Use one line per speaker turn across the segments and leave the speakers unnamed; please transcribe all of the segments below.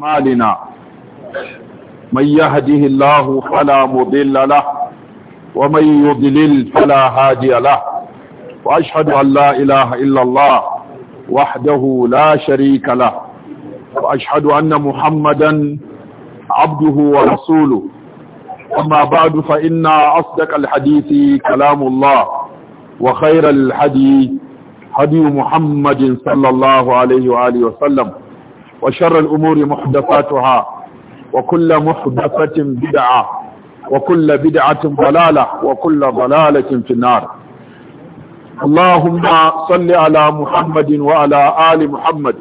أعمالنا من يهده الله فلا مضل له ومن يضلل فلا هادي له وأشهد أن لا إله إلا الله وحده لا شريك له وأشهد أن محمدا عبده ورسوله أما بعد فإن أصدق الحديث كلام الله وخير الحديث هدي محمد صلى الله عليه وآله وسلم وشر الأمور محدثاتها وكل محدثة بدعة وكل بدعة ضلالة وكل ضلالة في النار اللهم صل على محمد وعلى آل محمد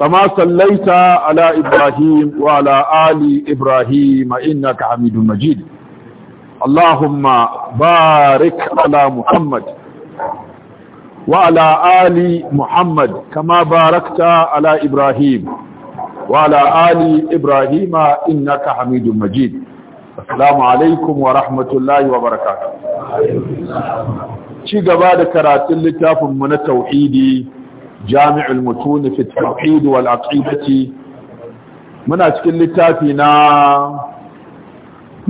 كما صليت على إبراهيم وعلى آل إبراهيم إنك حميد مجيد اللهم بارك على محمد وعلى آل محمد كما باركت على إبراهيم وعلى آل إبراهيم إنك حميد مجيد السلام عليكم ورحمة الله وبركاته شي gaba da karatun littafinmu na tauhidi jami'ul mutun fi tauhid wal aqidati muna cikin littafi na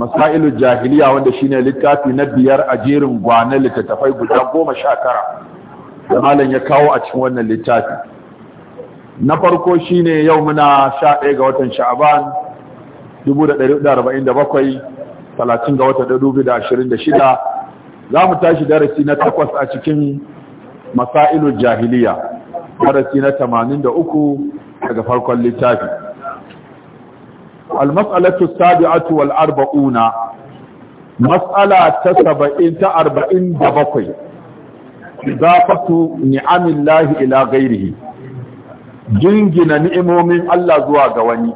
masailul jahiliya wanda shine littafi na biyar a jerin gwana littattafai guda goma sha tara da malam ya kawo a cikin wannan littafi na farko shine yau muna 11 ga watan sha'aban 1447 talatin ga watan 2026 za mu tashi darasi na takwas a cikin masailu jahiliya darasi na 83 daga farkon littafi al-mas'alatu as-sabi'atu wal arba'una mas'ala ta 70 ta 47 idafatu ni'amillahi ila ghairihi jingina ni'imomin Allah zuwa ga wani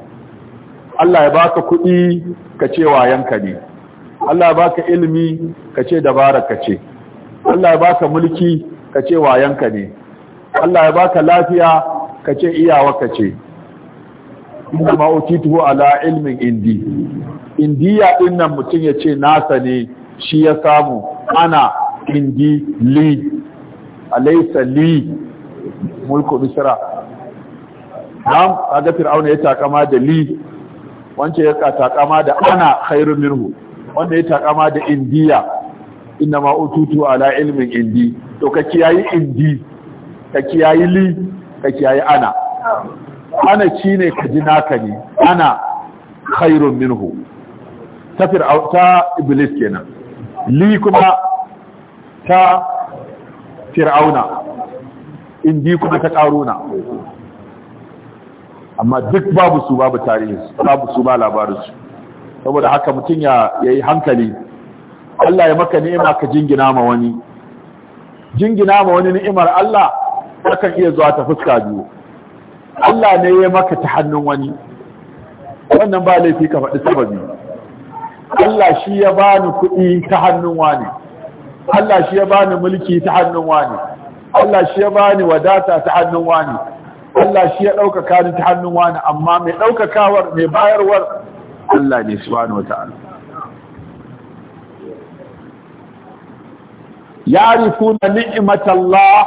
Allah ya baka kuɗi ka ce wayanka ne Allah ya baka ilimi ka ce dabaraka ce Allah ya baka mulki ka ce wayanka ne Allah ya baka lafiya ka ce ka ce inna ma utituhu ala ilmin indi indiya dinnan mutum ya ce nasa ne shi ya samu ana indi li alaysa li mulku misra nam kaga fir'auna ya takama da li wance ya takama da ana khairun minhu wanda ya takama da indiya inna ma ututu ala ilmin indi to ka kiyayi indi ka kiyayi li ka kiyayi ana ana shine ka ji naka ne ana khairun minhu ta fir'auta iblis kenan li kuma ta fir'auna in bi kuma ta karuna amma duk babu su babu tarihinsu babu su ba labarin su saboda haka mutum ya yi hankali Allah ya maka ni'ima ka jingina ma wani jingina ma wani ni'imar Allah akan iya zuwa ta fuska biyu Allah ne ya maka ta hannun wani wannan ba laifi ka faɗi sababi Allah shi ya bani kuɗi ta hannun wani Allah shi ya bani mulki ta hannun wani Allah shi ya bani wadata ta hannun wani Allah shi ya ɗaukaka ni ta hannun wani amma mai ɗaukakawar mai bayarwar Allah ne subhanahu wata'ala ya'rifuna ni'matallah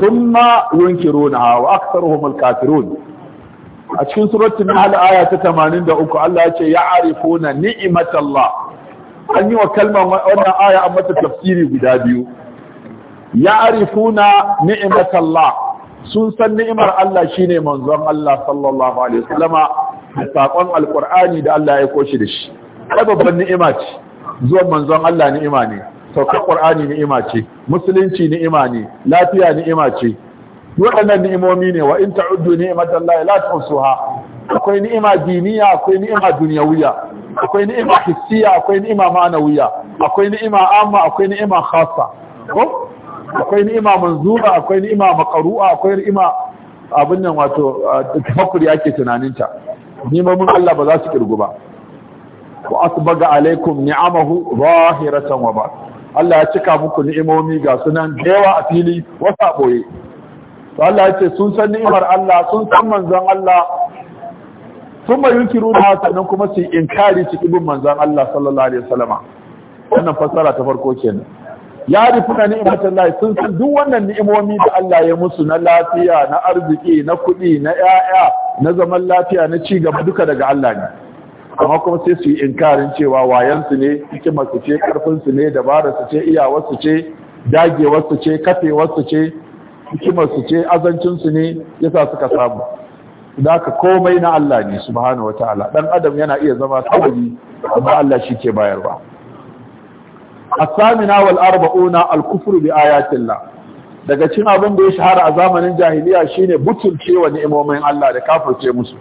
thumma yunkirunaha wa aktharuhum al-kafirun a cikin suratul nahl aya ta 83 Allah ya ce ya'rifuna ni'matallah an yi wa kalmar wannan aya an mata tafsiri guda biyu ya arifuna ni'matallah sun san ni'imar Allah shine manzon Allah sallallahu alaihi wasallama da sakon alqur'ani da Allah ya koshi da shi ai babban ni'ima ce zuwan manzon Allah ni'ima ne saukar qur'ani ni'ima ce musulunci ni'ima ne lafiya ni'ima ce waɗannan ni'imomi ne wa in ta'uddu ni'matallahi la tuhsuha akwai ni'ima diniya akwai ni'ima duniyawiya akwai ni'ima hissiya akwai ni'ima ma'anawiya akwai ni'ima amma akwai ni'ima khassa ko akwai ni'ima manzura akwai ni'ima maqru'a akwai ni'ima abin nan wato tafakkur yake tunanin ta mun Allah ba za su kirgu ba wa asbaga alaikum ni'amahu zahiratan wa ba Allah ya cika muku ni'imomi ga sunan dewa yawa a fili wasa boye to Allah ya ce sun san ni'imar Allah sun san manzon Allah sun mai yunkiru da sannan kuma su inkari su ibin manzan Allah sallallahu alaihi wasallama wannan fassara ta farko kenan ya rifuna ni'imatan Allah sun san duk wannan ni'imomi da Allah ya musu na lafiya na arziki na kuɗi na 'ya'ya, na zaman lafiya na ci gaba duka daga Allah ne amma kuma sai su yi inkarin cewa wayansu ne hikimar su ce karfin ne dabara su ce iyawar ce dagewar ce kafewar su ce hikimar su ce azancin su ne yasa suka samu zaka komai na Allah ne subhanahu wataala dan adam yana iya zama sauri amma Allah shi ke bayarwa asamina wal arba'una al kufru bi ayatillah daga cin abin da ya shahara a zamanin jahiliya shine butulcewa ni'imomin Allah da kafirce musu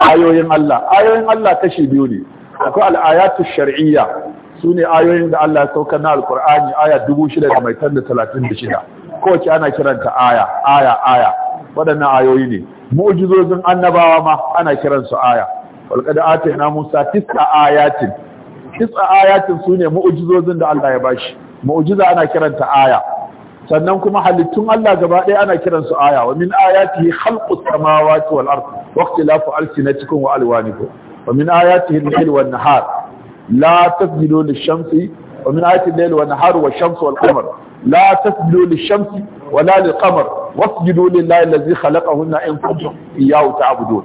ayoyin Allah ayoyin Allah kashi biyu ne akwai al-ayatu shar'iyya sune ayoyin da Allah ya sauka na alqur'ani aya 6,636 kowace ana kiranta aya aya aya waɗannan ayoyi ne mu'jizozin annabawa ma ana kiransu aya walqad atayna musa tis'a ayatin tis'a ayatin sune mu'jizozin da Allah ya bashi mu'jiza ana kiranta aya sannan kuma halittun Allah gaba ɗaya ana kiransu aya wa min ayatihi khalqus samawati wal ard wa ikhtilafu alsinatikum wa alwanikum wa min ayatihi al-layl wan nahar la tasjudu lish-shamsi wa min ayatihi al-layl wan nahar wash-shamsu wal qamar la tasjudu lish-shamsi ولا للقمر واسجدوا لله الذي خلقهن إن كنتم إياه تعبدون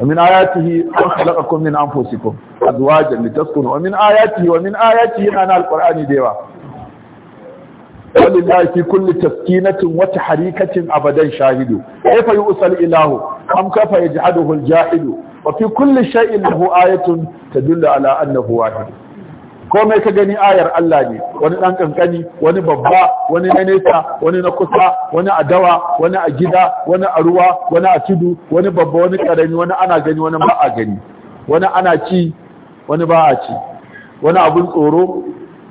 ومن آياته أن خلقكم من أنفسكم أزواجا لتسكنوا ومن آياته ومن آياته أنا القرآن ديوا ولله في كل تسكينة وتحريكة أبدا شاهد كيف يؤسى الإله أم كيف يجعله الجاهل وفي كل شيء له آية تدل على أنه واحد komai ka gani ayar Allah ne wani dan kankani wani babba wani na nesa wani na kusa wani a dawa wani a gida wani a ruwa wani a tudu wani babba wani karami wani ana gani wani ba a gani wani ana ci wani ba a ci wani abun tsoro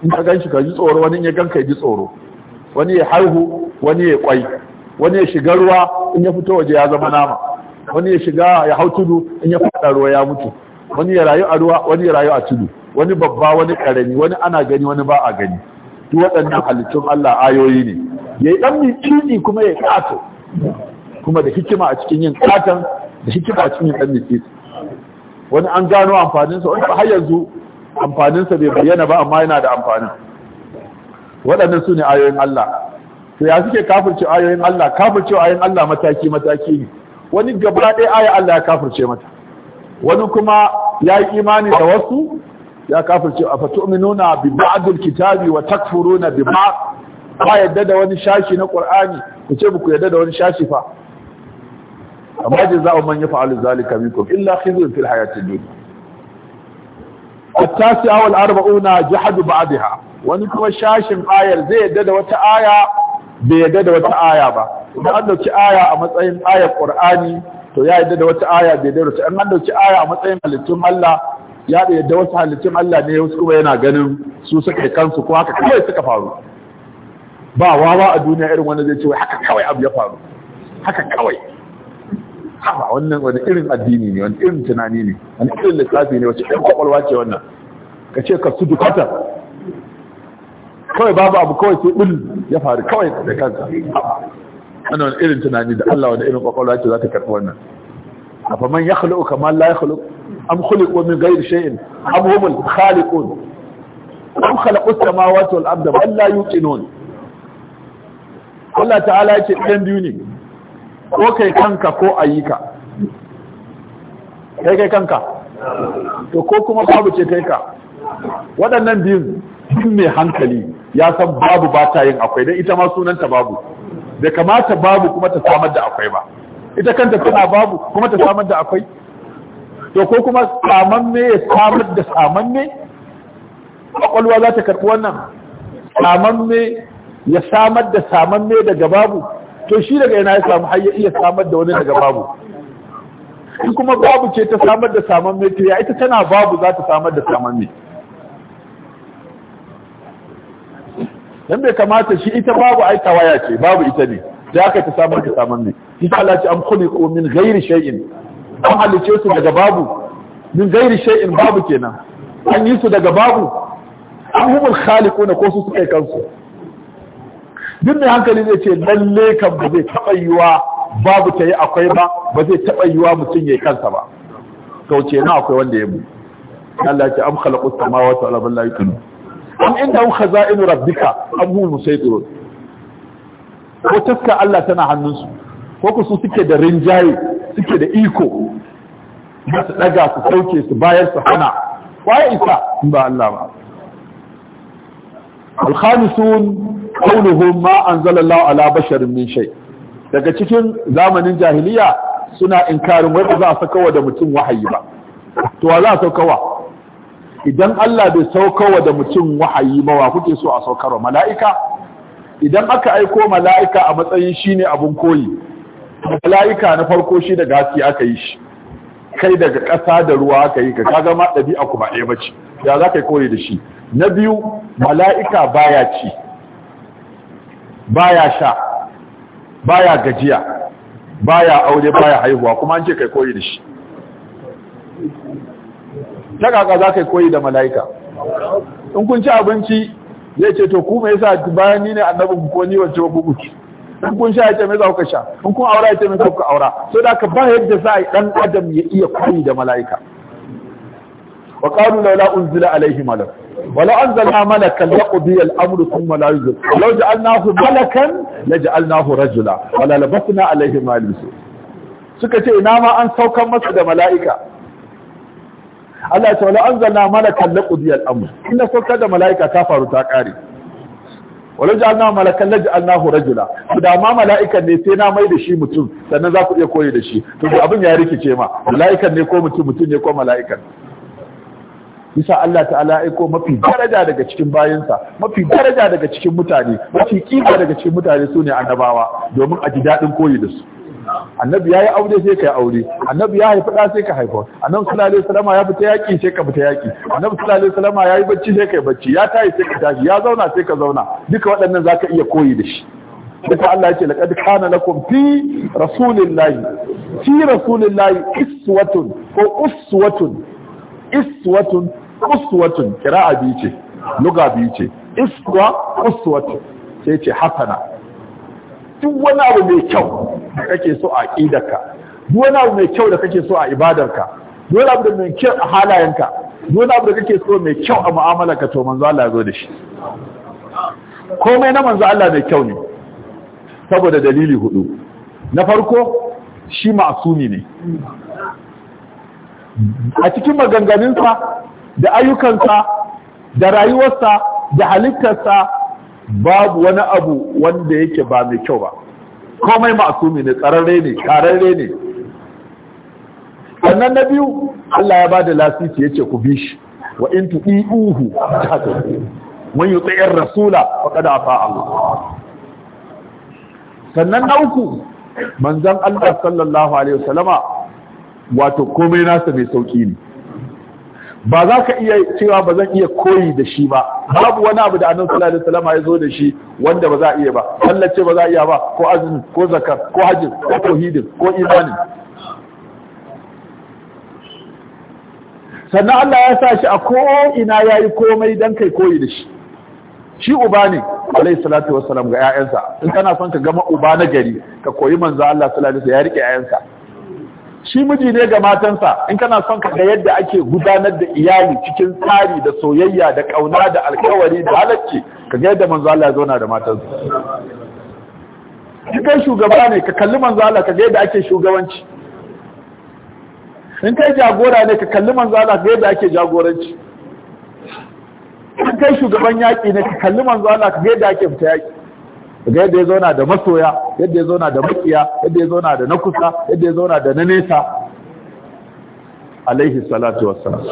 in ka ganshi ka ji tsoro wani ya ganka ji tsoro wani ya haihu wani ya kwai wani ya shiga ruwa in ya fito waje ya zama nama wani ya shiga ya hau tudu in ya fada ruwa ya mutu wani ya rayu a ruwa wani ya rayu a tudu wani babba wani karami wani ana gani wani ba a gani duk waɗannan halittun Allah ayoyi ne yayi dan mitsitsi kuma ya kato kuma da hikima a cikin yin katan da hikima a cikin yin dan mitsitsi wani an gano amfanin sa, wani har yanzu amfanin sa bai bayyana ba amma yana da amfanin waɗannan su ne ayoyin Allah to ya suke kafirce ayoyin Allah kafirce ayoyin Allah mataki mataki ne wani gaba ɗaya aya Allah ya kafirce mata wani kuma ya yi imani da wasu ya kafirce a fatu'minuna bi ba'dil kitabi wa takfuruna bi ba'd ba yadda da wani shashi na qur'ani ku ce ku yadda da wani shashi fa amma jaza'u man yaf'alu zalika minkum illa khizyun fil hayati dunya at-tasi'a wal arba'una jahadu ba'daha wani kuma shashin ayar zai yadda da wata aya bai yadda da wata aya ba idan an dauki aya a matsayin ayar qur'ani to ya yadda da wata aya bai yadda da wata an dauki aya a matsayin halittun Allah ya da yadda wasu halittun Allah ne wasu kuma yana ganin su suka kansu ko haka kawai suka faru ba wawa a duniya irin wanda zai ce wai haka kawai abu ya faru haka kawai haka wannan wani irin addini ne wani irin tunani ne wani irin lissafi ne wace ɗan kwakwalwa ce wannan ka ce ka su dukata kawai babu abu kawai sai ɗin ya faru kawai da kansa wannan irin tunani da Allah wani irin kwakwalwa ce za ta karɓi wannan a man ya khalo kamar la ya khalo An khuliqu min ghairi shay'in am humul khaliqun am khalaqu as-samawati wal arda bal la yuqinun Allah ta'ala yake ɗan biyu ne
ko kai kanka ko
ayyuka kai kai kanka to ko kuma babu kai ka waɗannan biyun sun mai hankali ya san babu ba ta yin akwai don ita ma sunanta babu da kamata babu kuma ta samar da akwai ba ita kanta tana babu kuma ta samar da akwai to ko kuma samamme ya samar da samamme kwakwalwa za ta karɓi wannan samamme ya samar da samamme daga babu to shi daga yana ya samu har ya iya samar da wani daga babu in kuma babu ce ta samar da samamme to ya ita tana babu za ta samar da samamme dan bai kamata shi ita babu ai waya ce babu ita ne da aka ta samar da samamme shi Allah ce kuli ko min ghairi shay'in an halice su daga babu min gairi shay'in babu kenan an yi su daga babu an humul khaliquna ko su suka kansu duk mai hankali zai ce lalle kan ba zai taɓa yiwa babu ta yi akwai ba ba zai taɓa yiwa mutum ya kansa ba ce na akwai wanda ya mu Allah ce am khalaqu samawati wal ardi la yaqin
am indahum khaza'inu
rabbika am hum musaytirun ko taska Allah tana hannunsu ko ku su suke da rinjaye suke da iko ba su daga su sauke su bayar su hana waye isa in ba Allah ba al-khamisun qawluhum ma anzala Allah ala basharin min shay daga cikin zamanin jahiliya suna inkarin wai ba za a kawo da mutum wahayi ba to wa za a wa? idan Allah bai sauka wa da mutum wahayi ba wa kuke so a wa mala'ika idan aka aiko mala'ika a matsayin shine abun koyi mala'ika na farko shi daga haske aka yi shi kai daga ƙasa da ruwa aka yi ka kaga ma ɗabi'a kuma ɗaya bace ya za ka yi kore da shi na biyu mala'ika baya ci baya sha baya gajiya baya aure baya haihuwa kuma an ce kai koyi da shi ta kaka za ka yi koyi da mala'ika in kun ci abinci zai ce to kuma yasa bayan ni ne annabin ko ni wancan ba ku in kun sha ya ce me za ku sha in kun aura ya ce me za ku aura sai da ka ba yadda za a yi dan adam ya iya koyi da mala'ika wa qalu laula unzila alaihi malak wa la anzalna malakan laqdi al-amr thumma la yuzil law ja'alnahu malakan la ja'alnahu rajula wa la labasna alaihi ma suka ce ina ma an saukan masa da mala'ika Allah ya ce wala anzalna malakan laqdi al Amru, inna sauka da mala'ika ta faru ta kare wala ja'alna malakan la ja'alnahu rajula da ma mala'ikan ne sai na mai da shi mutum sannan za ku iya koyi da shi to abin ya rikice ma mala'ikan ne ko mutum mutum ne ko mala'ikan bisa Allah ta'ala aiko mafi daraja daga cikin bayansa mafi daraja daga cikin mutane mafi kima daga cikin mutane su ne annabawa domin a ji daɗin koyi da su annabi ya yi aure sai ka yi aure annabi ya haifi ɗa sai ka haifa annabi sallallahu salama ya fita yaƙi sai ka fita yaki annabi sallallahu salama ya yi bacci sai ka yi bacci ya tayi sai ka tashi ya zauna sai ka zauna duka waɗannan za ka iya koyi da shi duka Allah ce laƙad kana lakum fi rasulillahi fi rasulillahi iswatun ko uswatun iswatun uswatun kira'a biyu ce luga biyu ce iswa uswatun sai ce hasana duk wani abu mai kyau da kake so a aqidarka duk wani abu mai kyau da kake so a ibadarka duk wani abu da mai kyau a halayenka duk wani abu da kake so mai kyau a mu'amalarka to manzo Allah zo da shi
komai na manzo Allah mai kyau ne
saboda dalili hudu na farko shi ma'asumi ne a cikin maganganunsa da ayyukansa da rayuwarsa da halittarsa babu wani abu wanda yake ba mai kyau ba komai ma'asumi ne tsararre ne kararre ne sannan na biyu Allah ya bada lasisi yace ku bi shi wa in tu'ihu tahtadu man yuti'ir rasula faqad afa Allah sannan na uku manzon Allah sallallahu alaihi wasallama wato komai nasa mai sauki ne ba za ka iya cewa ba zan iya koyi da shi ba babu wani abu da annabi sallallahu alaihi wasallam ya zo da shi wanda ba za a iya ba Allah ce ba za a iya ba ko azumi ko zakar ko hajji ko tauhidin ko imani sannan Allah ya sa shi a ko ina yayi komai dan kai koyi da shi shi uba ne alaihi salatu wassalam ga 'ya'yansa in kana son ka gama uba na gari ka koyi manzo Allah sallallahu alaihi wasallam ya rike 'ya'yansa shi miji ne ga matansa in kana son ka ga yadda ake gudanar da iyali cikin tsari da soyayya da kauna da alkawari da halacci ka ga yadda manzo Allah ya zauna da matansa in kai shugaba ne ka kalli manzo Allah ka ga yadda ake shugabanci in kai jagora ne ka kalli manzo Allah ka ga yadda ake jagoranci in kai shugaban yaki ne ka kalli manzo Allah ka ga yadda ake fita yaki daga yadda ya zauna da masoya yadda ya zauna da makiya yadda ya zauna da na kusa yadda ya zauna da na nesa alaihi salatu wassalam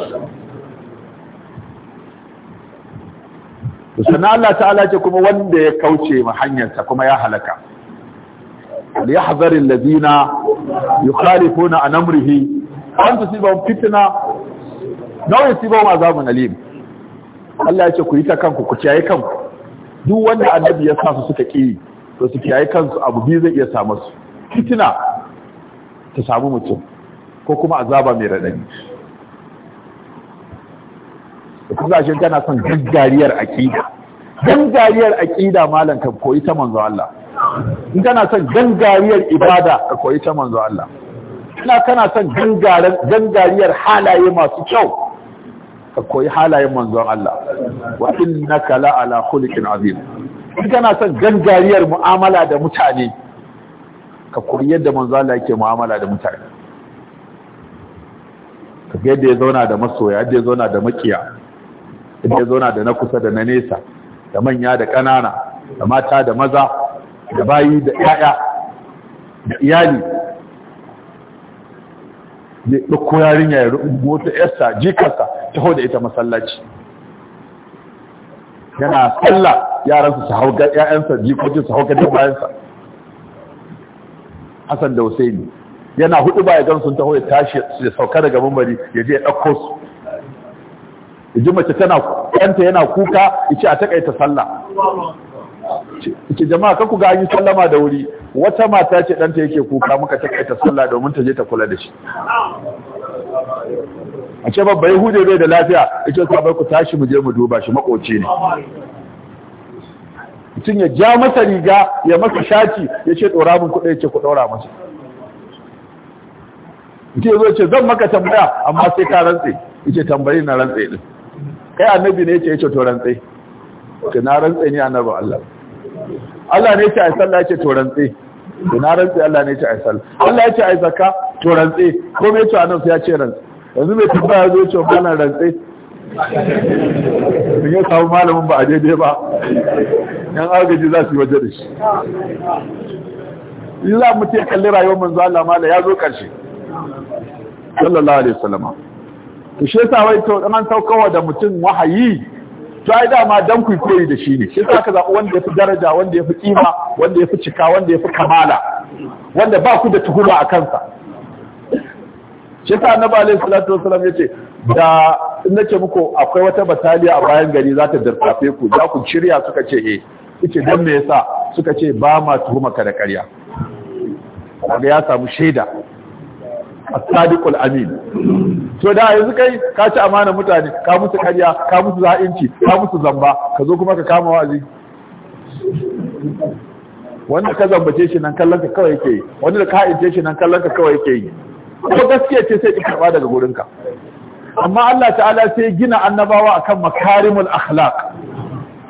sannan Allah ta'ala ce kuma wanda ya kauce ma hanyarsa kuma ya halaka ليحذر yi
يخالفون
عن امره an tusibahum fitna nawa yusibahum azabun alim Allah ya ce ku yi ta kanku ku ciyaye kanku duk wanda annabi ya sa su suka ƙi to su kiyaye kansu abu biyu zai iya samu su fitina ta samu mutum ko kuma azaba mai raɗani da kuma ashe tana son gaggariyar aƙida gaggariyar aƙida malam ka koyi ta manzo Allah in kana son gangariyar ibada ka koyi ta manzo Allah ina kana son gangariyar halaye masu kyau ka koyi halayen manzon Allah wa innaka la ala khuluqin azim in kana son gangariyar mu'amala da mutane ka koyi yadda manzon Allah yake mu'amala da mutane ka ga yadda ya zauna da masoya yadda ya zauna da makiya yadda ya zauna da na kusa da na nesa da manya da ƙanana da mata da maza da bayi da ƴaƴa da iyali ya ɗauko yarinya ya rubuta 'yasta, jikarsa ta hau da ita masallaci yana sallah yaransa su hau ga ƴaƴansa jikokin su hau ga dabayansa Hassan da Husaini yana hudu ba ya gansu sun hau ya tashi ya sauka daga mambari ya je ya ɗauko su yaji mace tana kanta yana kuka ya ce a taƙaita sallah ke jama'a kanku ga an yi sallama da wuri wata mata ce ɗanta yake kuka muka takaita sallah domin ta je ta kula da shi a ce babba yahude bai da lafiya ita ta bai ku tashi mu je mu duba shi makoci ne mutum ya ja masa riga ya masa shaki ya ce ɗora mun kuɗa ya ce ku ɗora masa ita zo ce zan maka tambaya amma sai ka rantse ita tambayi na rantse din kai annabi ne ya ya yace to rantse ka na rantse ni annabi Allah Allah ne ya ce ai sallah yace to rantse to na rantse Allah ne ya ce ai sal. Allah ya ce ai zakka to rantse ko me yace sai ya ce rantsi yanzu me mai ya zo ce bana rantsi. in ya samu malamin ba a daidai ba yan agaji za su yi waje da shi yi za mu ce kalli rayuwar manzo Allah mala ya zo karshe sallallahu alaihi wasallam to shi yasa wai to dan saukawa da mutum wahayi jai ai dama dan ku koyi da shi ne shi za ka wanda yafi daraja wanda ya fi kima wanda yafi cika wanda yafi kamala wanda ba ku da tuhuma a kansa shi ta annabi alaihi salatu wasallam yace da in nake muku akwai wata bataliya a bayan gari za ta darfafe ku za ku shirya suka ce eh yace dan me yasa suka ce ba ma tuhuma ka da ƙarya kaga ya samu shaida asadikul sadiqul amin to da yanzu kai ka ci amana mutane ka musu karya ka musu za'inci ka musu zamba ka zo kuma ka kama wa'azi wanda ka zambace shi nan kallon ka kawai yake yi wanda da ka ha'ince shi nan kallon ka kawai yake yi ko gaskiya ce sai ki karba daga gurinka ka amma Allah ta'ala sai gina annabawa akan makarimul akhlaq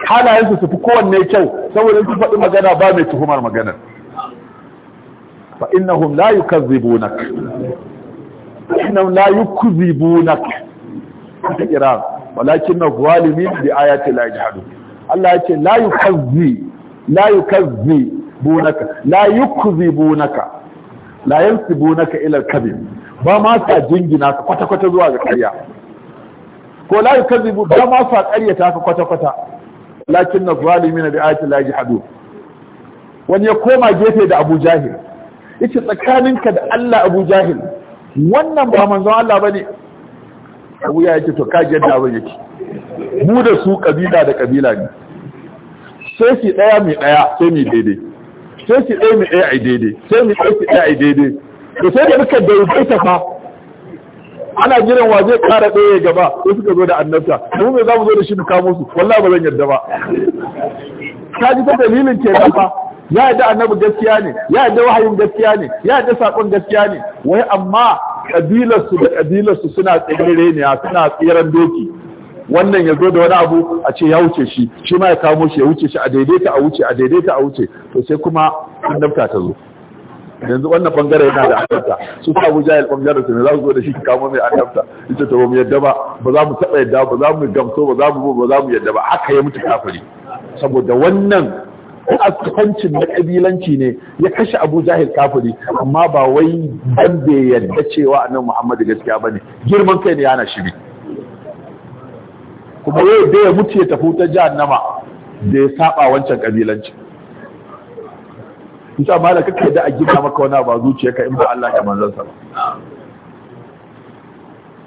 Halayen su fi kowanne kyau saboda su faɗi magana ba mai tuhumar magana fa innahum la yukazzibunak innahum la yukzibunak ta kira walakin zalimin bi ayati la yajhadun Allah yake la yukazzi la yukazzi bunaka la yukzi bunaka la yansi bunaka ila kadhib ba ma sa jingina ka kwata kwata zuwa ga ƙarya ko la yukazzi ba ma sa ƙarya ta ka kwata kwata lakin zalimin bi ayati la yajhadun wani ya koma gefe da Abu Jahil tsakaninka da Allah Abu wannan ba manzon Allah bane abu ya yake to kaji yadda abin yake mu da su kabila da kabila ne sai shi daya mai daya sai mai daidai sai shi daya mai daya ai daidai sai mai daya shi daya ai daidai to sai da muka ta fa ana jiran wa zai kara daya gaba ko suka zo da annabta mu me za mu zo da shi mu kamo su wallahi ba zan yarda ba kaji ta dalilin da fa ya yadda annabi gaskiya ne ya yadda wahayin gaskiya ne ya yadda sakon gaskiya ne wai amma ƙabilarsu da kabilarsu suna tsirire ne suna tsiran doki wannan ya zo da wani abu a ce ya wuce shi shi ma ya kamo shi ya wuce shi a daidaita a wuce a daidaita a wuce to sai kuma annabta ta zo yanzu wannan bangare yana da annabta su ta abu jahil bangare su ne za su zo da shi ki mai annabta ita ta mu yadda ba ba za mu taɓa yadda ba za mu gamso ba za mu ba za mu yadda ba haka ya mutu kafari saboda wannan asusancin na kabilanci ne ya kashe Abu Jahil kafiri amma ba wai dan bai yadda cewa annabi Muhammadu gaskiya bane girman kai ne yana shiri kuma yau da ya mutu ya tafi ta jahannama da ya saba wancan kabilanci Isa da kake da a gina maka wani ba ka in ba Allah ya manzon sa ba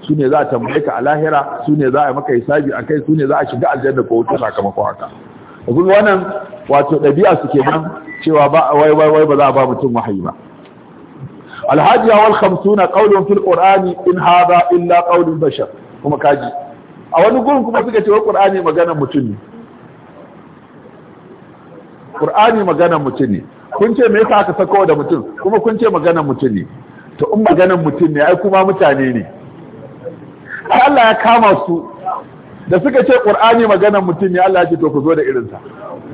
su ne za a tambaye ka a lahira su ne za a maka hisabi a kai su ne za a shiga aljanna ko wuce sakamakon haka. Yanzu wannan wato ɗabi'a su nan cewa ba wai wai wai ba za a ba mutum wahayi ba alhaji wal khamsuna ƙaunin fil qur'ani in hadha illa ƙaunin bashar kuma kaji a wani gurin kuma suka ce wa ƙur'ani magana mutum ne Ƙur'ani magana mutum ne kun ce me yasa aka sako da mutum kuma kun ce magana mutum ne to in magana mutum ne ai kuma mutane ne
ai Allah ya kama su
da suka ce ƙur'ani magana mutum ne Allah ya ce to ku zo da irinsa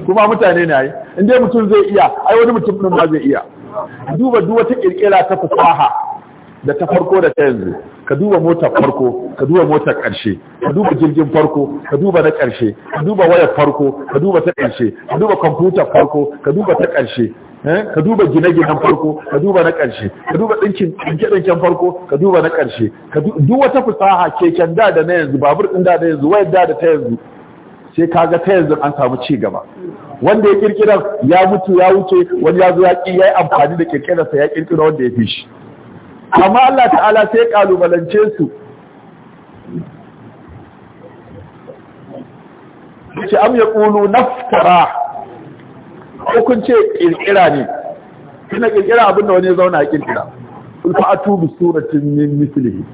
kuma mutane na yi inda mutum zai iya ai wani mutum din ma zai iya duba duk wata ƙirƙira ta fasaha da ta farko da ta yanzu ka duba motar farko ka duba motar ƙarshe ka duba jirgin farko ka duba na ƙarshe ka duba wayar farko ka duba ta ƙarshe ka duba kwamfutar farko ka duba ta ƙarshe ka duba gine-ginen farko ka duba na ƙarshe ka duba ɗinkin ɗinke-ɗinken farko ka duba na ƙarshe duba ta fasaha keken da da na yanzu babur ɗin da da yanzu wayar da da ta yanzu sai kaga ta yanzu an samu ci gaba wanda ya kirkira ya mutu ya wuce wani ya zo ya ki ya yi amfani da kirkirarsa ya kirkira wanda ya fi shi amma Allah ta'ala sai kalubalance su ce am ya ƙulu naftara hukun ce kirkira ne kina kirkira abin da wani ya zauna ya kirkira ulfa'atu bi suratin min mislihi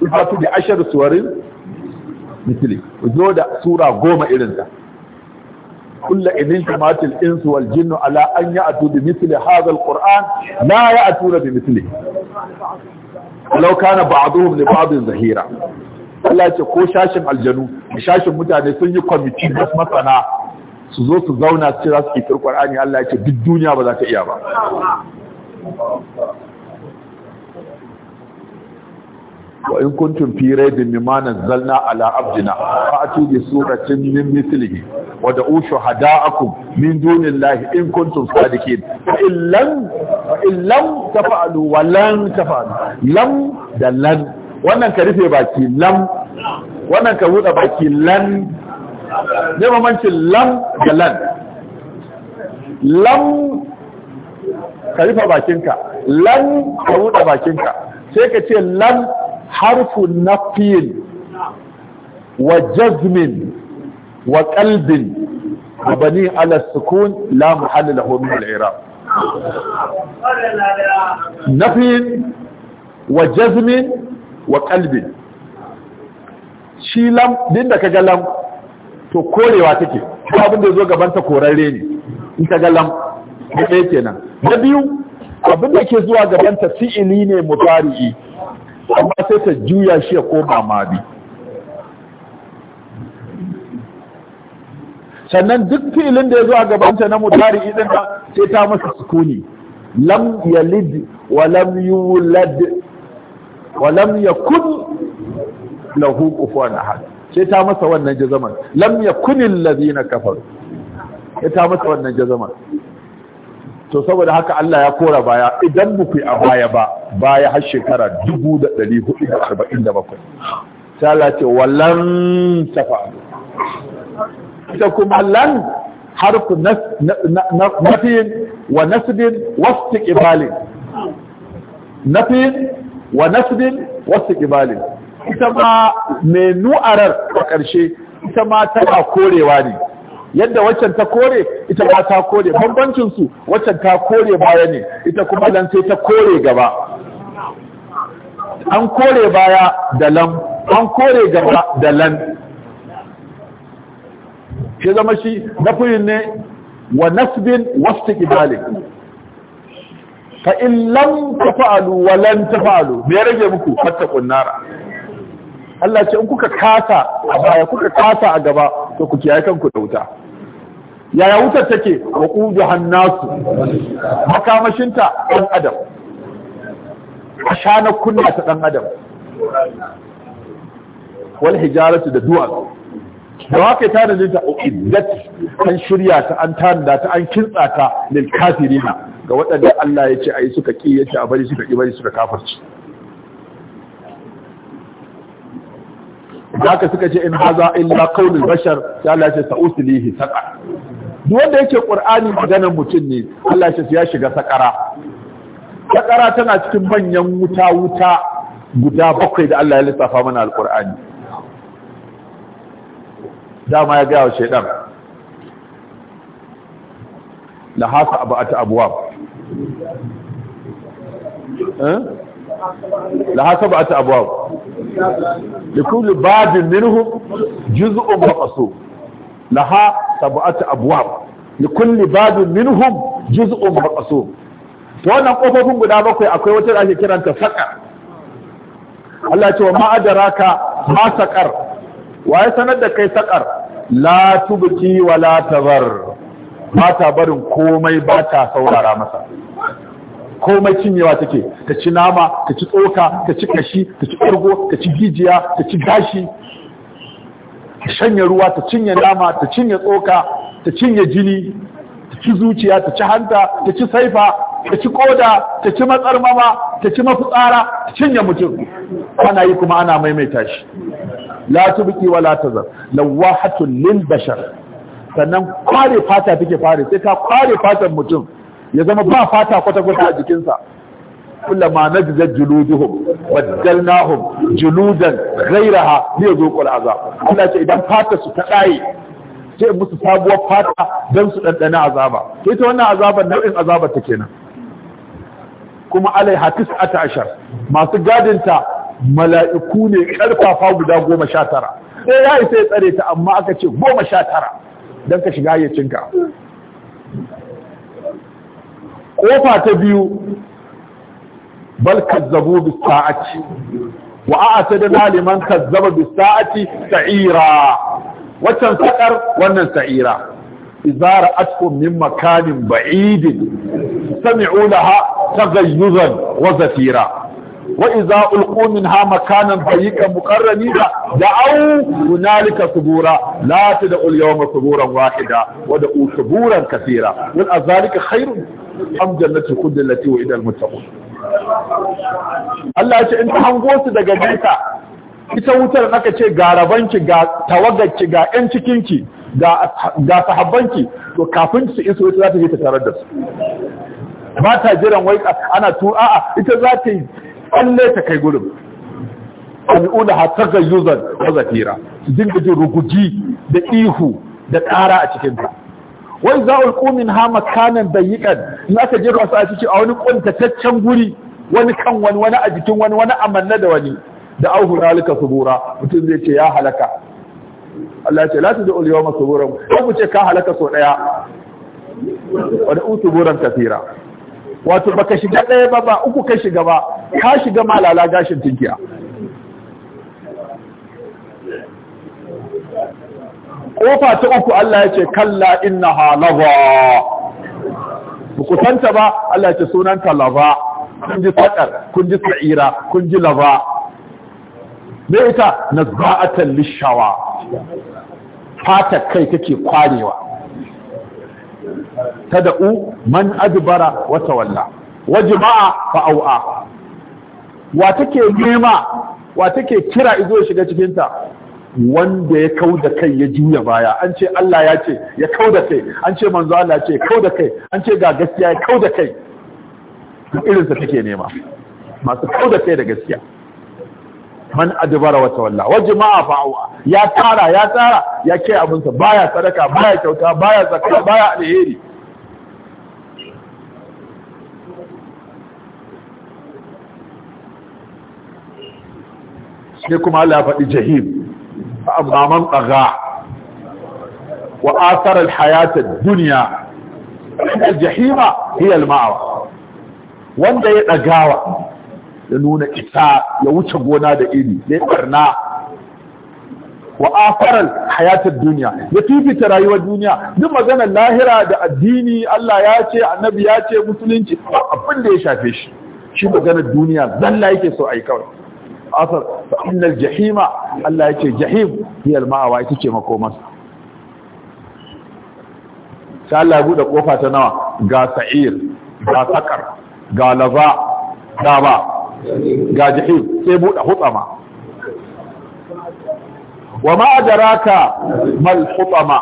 ulfa'atu bi ashar suwarin misli zo da sura goma irinta kulla idin tamatil insu wal jinnu ala an ya'tu bi misli hadha al qur'an la ya'tuna bi misli law kana ba'dhum li ba'd zahira Allah ce ko shashin aljanu shashin mutane sun yi kwamiti na masana su zo su zauna su ce za su kitar Allah ya ce duk duniya ba za ta iya ba wa in kuntum fi raibin mimma nazzalna ala abdina fa'tu bi suratin min mithlihi wa da'u shuhada'akum min dunillahi in kuntum sadiqin fa in lam fa in lam tafa'alu wa lan tafa'alu lam da lan wannan ka rufe baki lam
wannan ka buɗe baki
lan ne mamancin lam da lan lam ka rufe bakinka lan ka buɗe bakinka sai ka ce lan حرف nafiyin wa jazmin wa على السكون لا محل له la muhalli lahu وجزم وقلب شي nafiyin wa jazmin wa kalbin shi lam da kaga lam to korewa ko abin da zo gaban ta korarre ne in galam, da ɗaya na biyu abin da ke zuwa gaban ta fi'ili ne mutari'i amma sai ta juya shi ya koma mali sannan duk filin da ya zo a gabanta na mutari idan sai ta masa sukuni lam yalid wa lam yulad wa lam yakun lahu kufuwan ahad sai ta masa wannan jazaman lam yakun allazina kafaru
sai ta masa wannan
jazaman to saboda haka Allah ya kora baya idan ba ku a baya ba baya har shekara 1447 sai Allah ce wallan tafalu ita kuma lan har ku nafiyin wa nasbin wasu ƙibalin nafiyin wa nasbin wasu ƙibalin ita ma mai nu'arar a ƙarshe ita ma tana korewa ne yadda waccan ta kore ita ba ta kore bambancin su waccan ta kore baya ne ita kuma lan sai ta kore gaba an kore baya da lam an kore gaba da lan ke zama shi nafiyin ne wa nasbin wasu ƙibalin fa in lam fa'alu wa lan fa'alu me rage muku fatta kunnara Allah ce in kuka kasa a baya kuka kasa a gaba to ku kiyaye kanku da wuta yaya wutar take wa qudu hannasu makamashinta ɗan adam ashana kunna ta ɗan adam wal hijaratu da duwatsu da haka ta da o uiddat an shirya ta an tanda ta an kintsa ta lil kafirina ga waɗanda Allah ya ce yi suka ki a bari suka ki bari suka kafirci haka suka ce in haza illa qaulul bashar sai Allah ya ce sa'uslihi saqa duk wanda yake qur'ani maganar mutum ne Allah ya ce ya shiga sakara sakara tana cikin manyan wuta wuta guda bakwai da Allah ya lissafa mana alqur'ani dama ya ga wa la hasa ta abwab eh la hasa abata abwab
لكل باب
منهم جزء مقصود لها سبعة أبواب لكل باب منهم جزء To wannan kofofin guda bakwai akwai wata da ake kiranta saƙar Allah ya ce wa ma'adaraka ma saƙar wa ya sanar da kai saƙar la tubki wala tabar ba ta barin komai ba ta saurara masa komai cinyewa take ta ci nama ta ci tsoka ta ci kashi ta ci ƙargo ta ci gijiya ta ci gashi ta shanye ruwa ta cinye nama ta cinye tsoka ta cinye jini ta ci zuciya ta ci hanta ta ci saifa ta ci koda ta ci matsarmama ta ci mafitsara ta cinye mutum ana yi kuma ana maimaita shi la tubqi wala tazar lawahatun lil bashar sannan kware fata take fare sai ka kware fatan mutum ya zama ba fata kwata-kwata a jikinsa Kula ma kullama najzat juluduhum baddalnahum juludan ghayraha liyazuqul azab Allah ce idan fata su ta ɗaye ce musu sabuwar fata don su ɗanɗana azaba to ita wannan azaban nau'in azaba ta nan. kuma alaiha tis'ata ashar masu gadinta mala'iku ne karfafa guda goma sha tara sai ya isa ya tsare ta amma aka ce goma sha tara don ka shiga hayyacinka kofa ta biyu bal kazzabu bis sa'ati wa a'tadna liman kazzaba bis sa'ati sa'ira waccan sakar wannan sa'ira izara atkum min makanin ba'idin sami'u laha taghayyuzan wa zafira wa iza ulqu minha makanan dayyiqan muqarranina da'u hunalika subura la tad'u al-yawma suburan wahida wa da'u suburan kathira wal azalika khairun am jannatu khuld allati wa'ida al-muttaqun
Allah ya ce in hango
su daga bita, ita wutar naka ce ga rabanki ga tawagarki ga yan cikinki ga sahabbanki to kafin su iso ita za ta je ta tarar da su ba ta jiran wai ana tu a'a ita za ta tsalle ta kai gudun. al'ula ha ta yuzan ta zafira su dinga jin ruguji da ihu da ƙara a cikinta wai za a ulkumin ha makanan kan in aka jefa wasu a ciki a wani ƙuntataccen guri wani kan wani wani a jikin wani wani amanna da wani da auhu ralika subura mutum zai ce ya halaka Allah ce lati da yawma suburan ko mu ce ka halaka so daya wani da usuburan kafira
wato baka shiga ɗaya
ba ba uku kai shiga ba ka shiga malala gashin tinkiya
Ƙofa ta uku Allah ya ce
kalla innaha lava ba ku santa ba Allah ya ce sunanta lava kun ji sakar kun ji sa'ira kun ji lava me ita nazba'atan lishawa
fata kai take
kwarewa da'u man adbara wa walla wajima'a fa au'a wa take nema wa take kira izo ya shiga cikinta wanda ya kau da kai ya juya baya an ce Allah ya ce ya kau da kai an ce manzo Allah ya ce kau da kai an ce ga gaskiya ya kau da kai irinsa take nema masu kau da kai da gaskiya man adbara wa tawalla wa jama'a fa'awa ya tara ya tara ya kai abinsa baya sadaka baya kyauta baya zakka baya alheri sai kuma Allah ya faɗi jahim amma man tsaga wa al-hayat ad jahima hiya al wanda ya dagawa ya nuna isa ya wuce gona da iri ne barna wa asar al-hayat ya fifita rayuwar duniya duk maganar lahira da addini Allah ya ce annabi ya ce musulunci abin da ya shafe shi shi maganar duniya zalla yake so ai kawai asar fa innal jahima Allah yake jahim hiya al-ma'awa ita ce makomar sai Allah ya bude kofa ta nawa ga sa'ir ga sakar ga laza ga ba ga jahim sai bude hutsama
wa ma adraka mal hutsama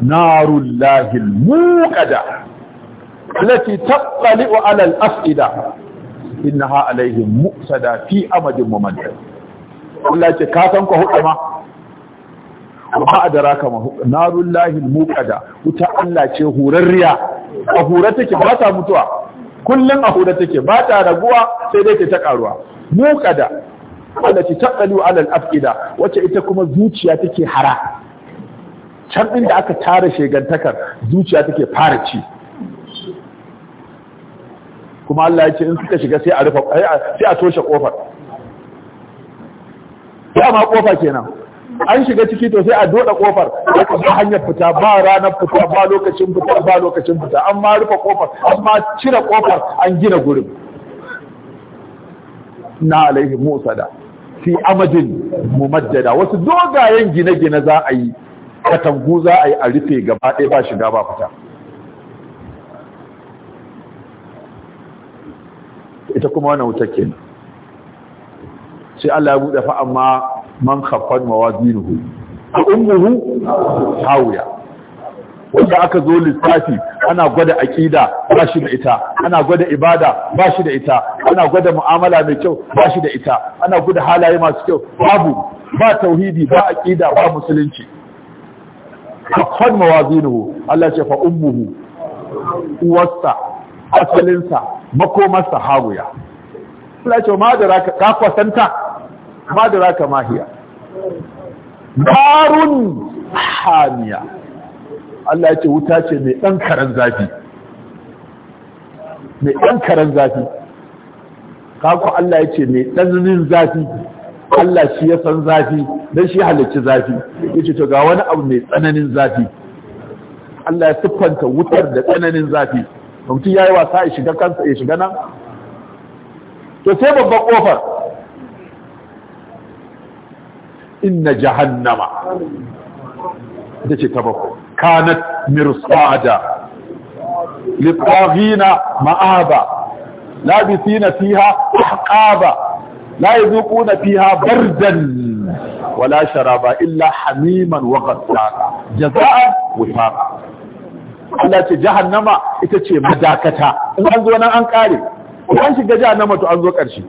narullahi al-muqada التي تطلع على الأفئدة innaha alaihim mu'sada fi amadin mumannad Allah ce ka san ko hukuma amma adaraka ma narullahi muqada wuta Allah ce hurarriya
a hura take ba ta
mutuwa kullun a hura take ba ta raguwa sai dai ta karuwa muqada allati taqalu ala al-afida wacce ita kuma zuciya take hara can inda aka tara shegantakar zuciya take fara ci kuma Allah ya ce in suka shiga sai a rufa eh, sai a toshe kofar ma kofa kenan an shiga ciki to sai a doda kofar ba hanyar fita ba ranar fita ba lokacin fita ba lokacin fita an ma rufe kofar an ma cire kofar an gina gurin na alaihi musa da fi amadin mumaddada wasu dogayen gine-gine za a yi katangu za a yi a rufe gaba ɗaya ba shiga ba fita ita kuma wannan wuta ke sai Allah ya buɗe fa amma man khaffat mawazinuhu
a ummuhu
hawiya wanda aka zo lissafi ana gwada aqida ba shi da ita ana gwada ibada ba shi da ita ana gwada mu'amala mai kyau ba shi da ita ana gwada halaye masu kyau babu ba tauhidi ba aqida ba musulunci khaffat mawazinuhu Allah ce fa ummuhu uwarsa asalinsa makomarsa hawiya Allah ce madara ka kwasanta madara ka mahiya barun hamiya Allah ya ce wuta ce mai ɗan karen zafi mai ɗan karen zafi kakwa Allah ya ce mai ɗanin zafi Allah shi ya san zafi don shi halicci zafi ya ce to ga wani abu mai tsananin zafi Allah ya siffanta wutar da tsananin zafi mutum ya yi wasa ya shiga kansa ya shiga nan to sai babban kofar inna jahannama ita ce ta bakwai kanat mirsada
litafina
ma'aba labisina fiha ahqaba la yuzuquna fiha bardan wala sharaba illa hamiman wa ghassaka jazaan wifaqa Allah ce jahannama ita ce madakata in an zo nan an kare an shiga jahannama to an zo karshe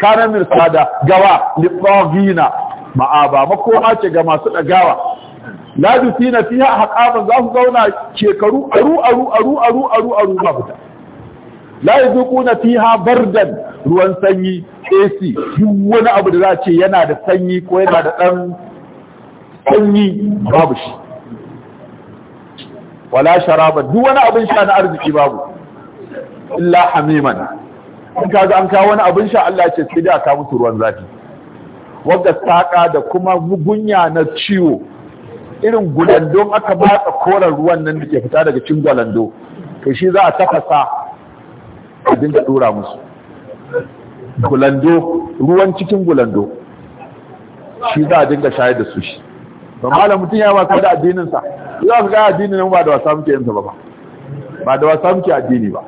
kana sada gawa libagina ma'aba makoma ce ga masu dagawa la dusina fiha haqaban za su zauna shekaru aru aru aru aru aru aru ba fita la yuquna fiha bardan ruwan sanyi AC duk wani abu da za ce yana da sanyi ko yana da dan sanyi babu shi wala sharaba duk wani abin sha na arziki babu illa hamiman in ga an kawo wani abin sha Allah ce sai da ka mutu ruwan zafi wanda saka da kuma gunya na ciwo irin gulando aka batsa koran ruwan nan da ke fita daga cikin gwalando to shi za a tafasa abin dinga dora musu gulando ruwan cikin gulando shi za a dinga shayar da su shi ba malam mutum ya wasa da addinin sa za su gaya addini nan ba da wasa muke yinsa ba ba ba da wasa muke addini ba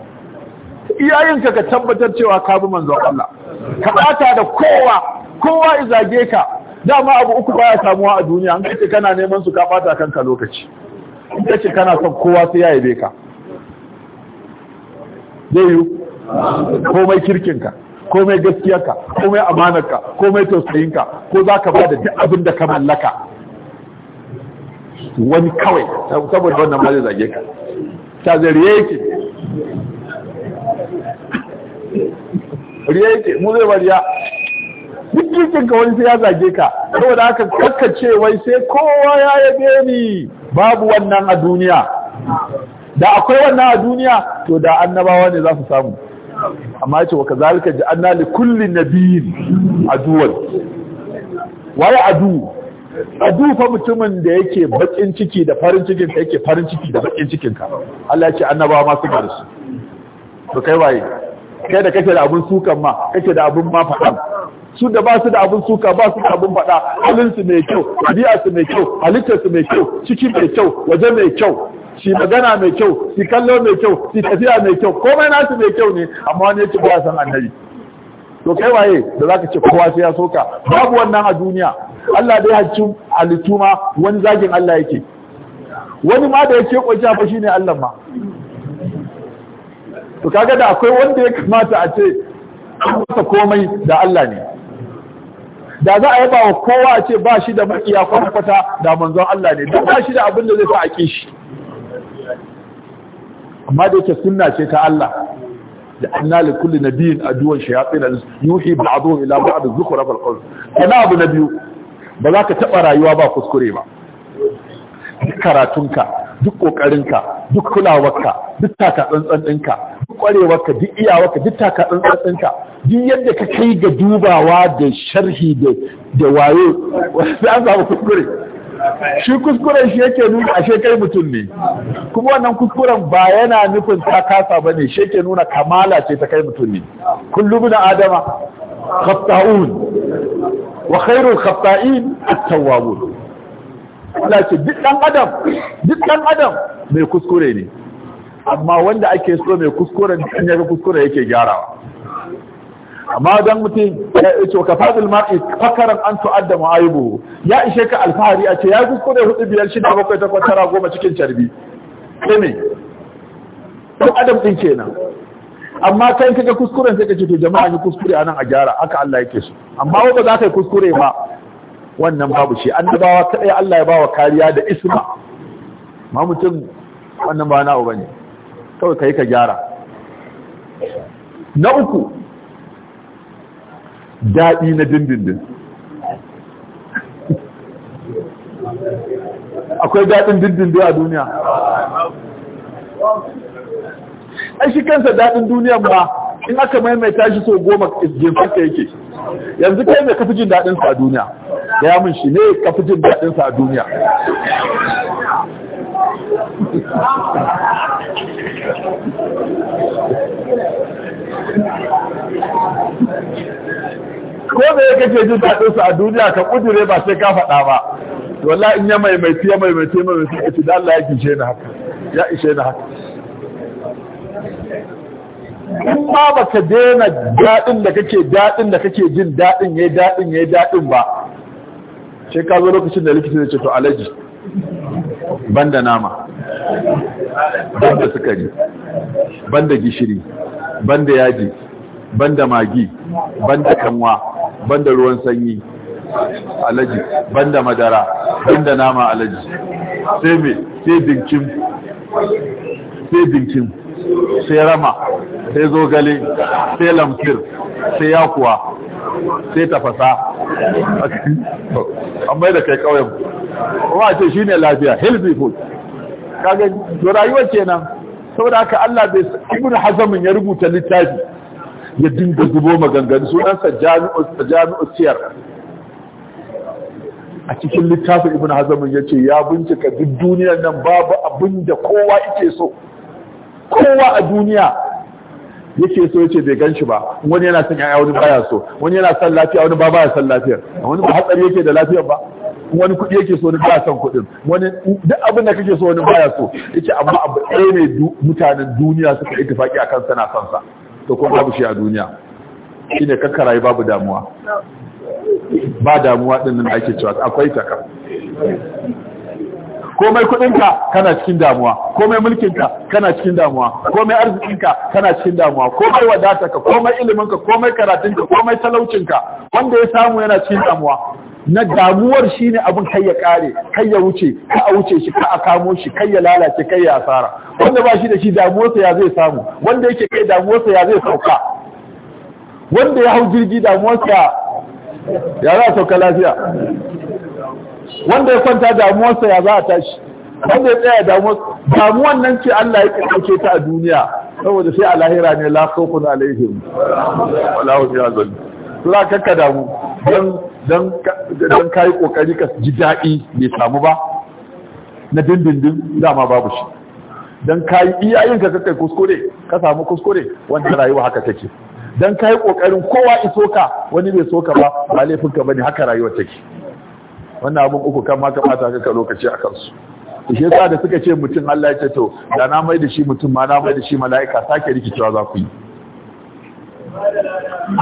iyayenka ka tabbatar cewa ka bi manzo Allah ka bata da kowa kowa izage ka dama abu uku baya samuwa a duniya an kace kana neman su ka bata kanka lokaci
in kace kana son kowa
sai ya yabe ka zai yi komai kirkinka komai gaskiyarka komai amanar ka, komai tausayinka ko zaka bada ba duk abin da ka mallaka wani kawai saboda wannan ma zai zage ka ta zai riye yake riye yake mu zai bariya duk jikin ka wani sai ya zage ka saboda haka kakkace wai sai kowa ya yabe ni babu wannan a duniya da akwai wannan a duniya to da annabawa ne za su samu amma ce wa kazalika ja'alna li kulli nabiyyin aduwan wai adu a dufa mutumin da yake bakin ciki da farin cikin ka yake farin ciki da bakin cikin ka Allah ya ce annabawa ma suna da su to kai waye kai da kake da abun sukan ma kake da abun ma faɗan su da ba su da abun suka ba su da abun faɗa halin su mai kyau ɗabi'a su mai kyau halittar su mai kyau ciki mai kyau waje mai kyau shi magana mai kyau shi kallo mai kyau shi tafiya mai kyau komai nasu mai kyau ne amma wani yake ba san annabi to kai waye da zaka ce kowa sai ya soka babu wannan a duniya Allah da ya halittu ma wani zagin Allah yake wani ma da yake kwanciya shi ne Allah ma
to kaga da akwai wanda
ya kamata a ce masa komai da Allah ne da za a yaba wa kowa a ce ba shi da makiya kwata da manzon Allah ne duk ba shi da abin da zai sa a ki shi amma da yake sunna ce ta Allah da anna li kulli nabiyyin aduwan shayatin yuhi ba'dhum ila ba'd zukhraf al-qawl kana abu na biyu ba za ka taɓa rayuwa ba kuskure ba duk karatunka duk ƙoƙarinka duk kulawarka duk taka tsantsan ɗinka duk ƙwarewarka duk iyawarka duk taka tsantsan ɗinka duk yadda ka kai ga dubawa da sharhi da waye wasu an samu kuskure shi kuskuren shi yake nuna ashe kai mutum ne kuma wannan kuskuren ba yana nufin ta kasa ba ne shi yake nuna kamala ce ta kai mutum ne kullum na adama
khafta'un wa khairul
khafta'in at-tawwabun Allah ce duk dan adam duk dan adam mai kuskure ne amma wanda ake so mai kuskure ya yaga kuskure yake gyarawa amma dan mutum ya ce ka fadil mar'i fakaran an tu'adda ma'aibu ya ishe ka alfahari a ce ya kuskure hudu biyar shida bakwai takwas tara goma cikin carbi sai me dan adam din kenan amma kai kaga kuskuren sai ka ce to jama'a ni kuskure anan a gyara haka Allah yake so amma ba za ka yi kuskure ba wannan babu shi annabawa kadai Allah ya bawa kariya da isma ma mutum wannan ba uba ne, kawai kai ka gyara na uku daɗi na dindindin akwai daɗin dindindin a duniya ai shi kansa daɗin duniyan ba in aka maimaita shi so goma jinsanka yake yanzu kai mai kafi jin daɗin sa a duniya ya mun shi ne kafi jin daɗin sa a duniya ko da ya kake jin daɗin sa a duniya ka kudure ba sai ka faɗa ba wallahi in ya maimaiti ya maimaiti ya maimaiti ya ce da Allah ya kishe ni haka ya ishe ni haka in ba ba ka daina daɗin da kake daɗin da kake jin daɗin ya daɗin ya daɗin ba sai ka zo lokacin da likita zai ce to alaji banda nama banda sukari banda gishiri banda yaji banda magi banda kanwa banda ruwan sanyi alaji banda madara banda nama alaji sai me sai dinkin sai dinkin sai rama sai zogale sai lamfir sai yakuwa sai tafasa an da kai kauyen kuma a ce shi ne lafiya healthy food kaga to rayuwar kenan saboda haka Allah bai ibn hazamin ya rubuta littafi ya dinga zubo maganganu sunansa jami'u jami'u siyar a cikin littafin ibn hazamin ya ce ya bincika duk duniyar nan babu abin da kowa yake so kowa a duniya yake so yace bai ganshi ba wani yana son yaya wani baya so wani yana son lafiya wani ba baya son lafiya wani ba hatsari yake da lafiyar ba wani kuɗi yake so wani baya son kuɗin wani duk abin da kake so wani baya so yace amma abu ɗaya ne mutanen duniya suka ittifaki akan sana son sa to kuma babu shi a duniya shine rayu babu damuwa ba damuwa din nan ake cewa akwai taka komai kuɗinka kana cikin damuwa komai mulkinka kana cikin damuwa komai arzikinka kana cikin damuwa komai wadataka komai iliminka komai karatunka komai talaucinka wanda ya samu yana cikin damuwa na damuwar shine abin kai ya kare kai ya wuce ka a wuce shi ka a kamo shi kai ya lalace kai ya asara wanda ba shi da shi damuwarsa ya zai samu wanda yake kai damuwarsa ya zai sauka wanda ya hau jirgi damuwarsa
ya za a sauka lafiya wanda ya kwanta
damuwarsa ya za a tashi wanda ya tsaya damuwarsa damuwan nan ce Allah ya ɗauke ta a duniya saboda sai a lahira ne la khawfun alaihim wala hum yahzanun to ka damu don dan dan kokari ka ji daɗi bai samu ba na dindindin dama babu shi Don kayi iya iyayen ka kai kuskure ka samu kuskure wanda rayuwa haka take dan kai kokarin kowa iso ka wani bai so ka ba ba laifin ka bane haka rayuwa take wannan abin uku kan mata mata ka ka lokaci a kansu shi yasa da suka ce mutum Allah ya ce to da na mai da shi mutum ma na mai da shi mala'ika sake rikicewa za ku yi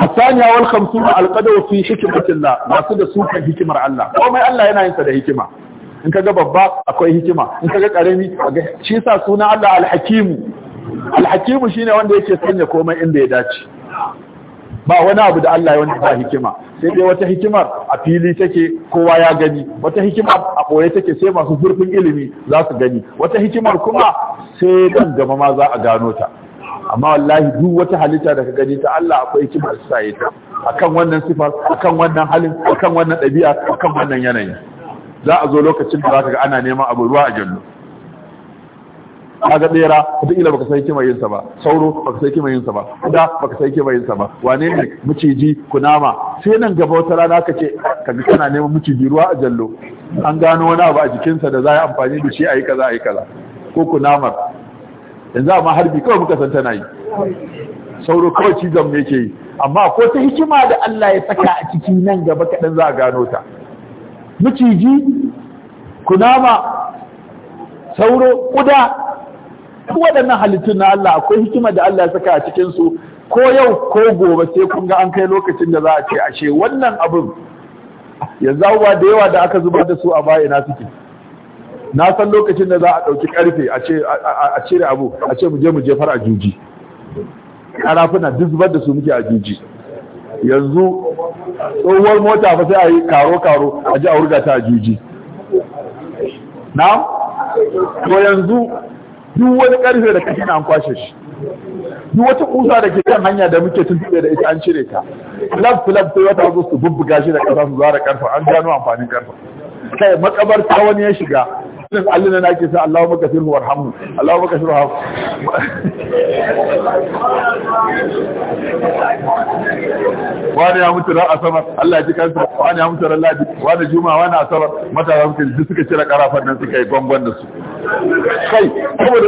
الثانية والخمسون القدو في حكمة الله ما سد سوكا حكمة الله allah yana yin sa da hikima. in kaga babba akwai hikima in kaga karami shi yasa suna Allah al hakimu al-Hakim shine wanda yake sanya komai inda ya dace ba wani abu da Allah ya wani ba hikima sai dai wata hikimar a fili take kowa ya gani wata hikimar a ɓoye take sai masu zurfin ilimi za su gani wata hikimar kuma sai nan gama ma za a gano ta amma wallahi duk wata halitta da ka gani ta Allah akwai hikimar sa ita akan wannan sifar akan wannan halin akan wannan ɗabi'a akan wannan yanayi za a zo lokacin da za ka ga ana neman abu ruwa a jallo kaga bera ila baka sai kima yinsa ba sauro baka sai kima yinsa ba kuda baka sai kima yinsa ba wane ne miciji kunama sai nan gaba wata rana ka ce kaga kana neman miciji ruwa a jallo an gano wani abu a jikinsa da za a amfani da shi a kaza ayi kaza ko kunamar yanzu amma harbi kawai muka san tana yi sauro kawai cizon ne yake yi amma ko ta hikima da Allah ya saka a ciki nan gaba kaɗan za a gano ta miciji kunama sauro kuda. duk waɗannan halittun na Allah akwai hikimar da Allah ya saka a cikin su ko yau ko gobe sai kun ga an kai lokacin da za a ce ashe wannan abin yanzu abubuwa da yawa da aka zubar da su a baya na suke na san lokacin da za a ɗauki ƙarfe a cire abu a ce mu je mu jefar a juji karafuna duk zubar da su muke a juji yanzu tsohuwar mota fa sai a yi karo-karo a ji a wurga ta a juji na to yanzu duk wani karfe da kake an kwashe shi duk wata kusa da ke kan hanya da muke tuntube da ita an cire ta lab lab sai wata zo su bubbuga shi da kasa su zara karfa an gano amfanin karfa kai makabarta wani ya shiga irin allin na ake kansa wani ya mutu ran ladi da su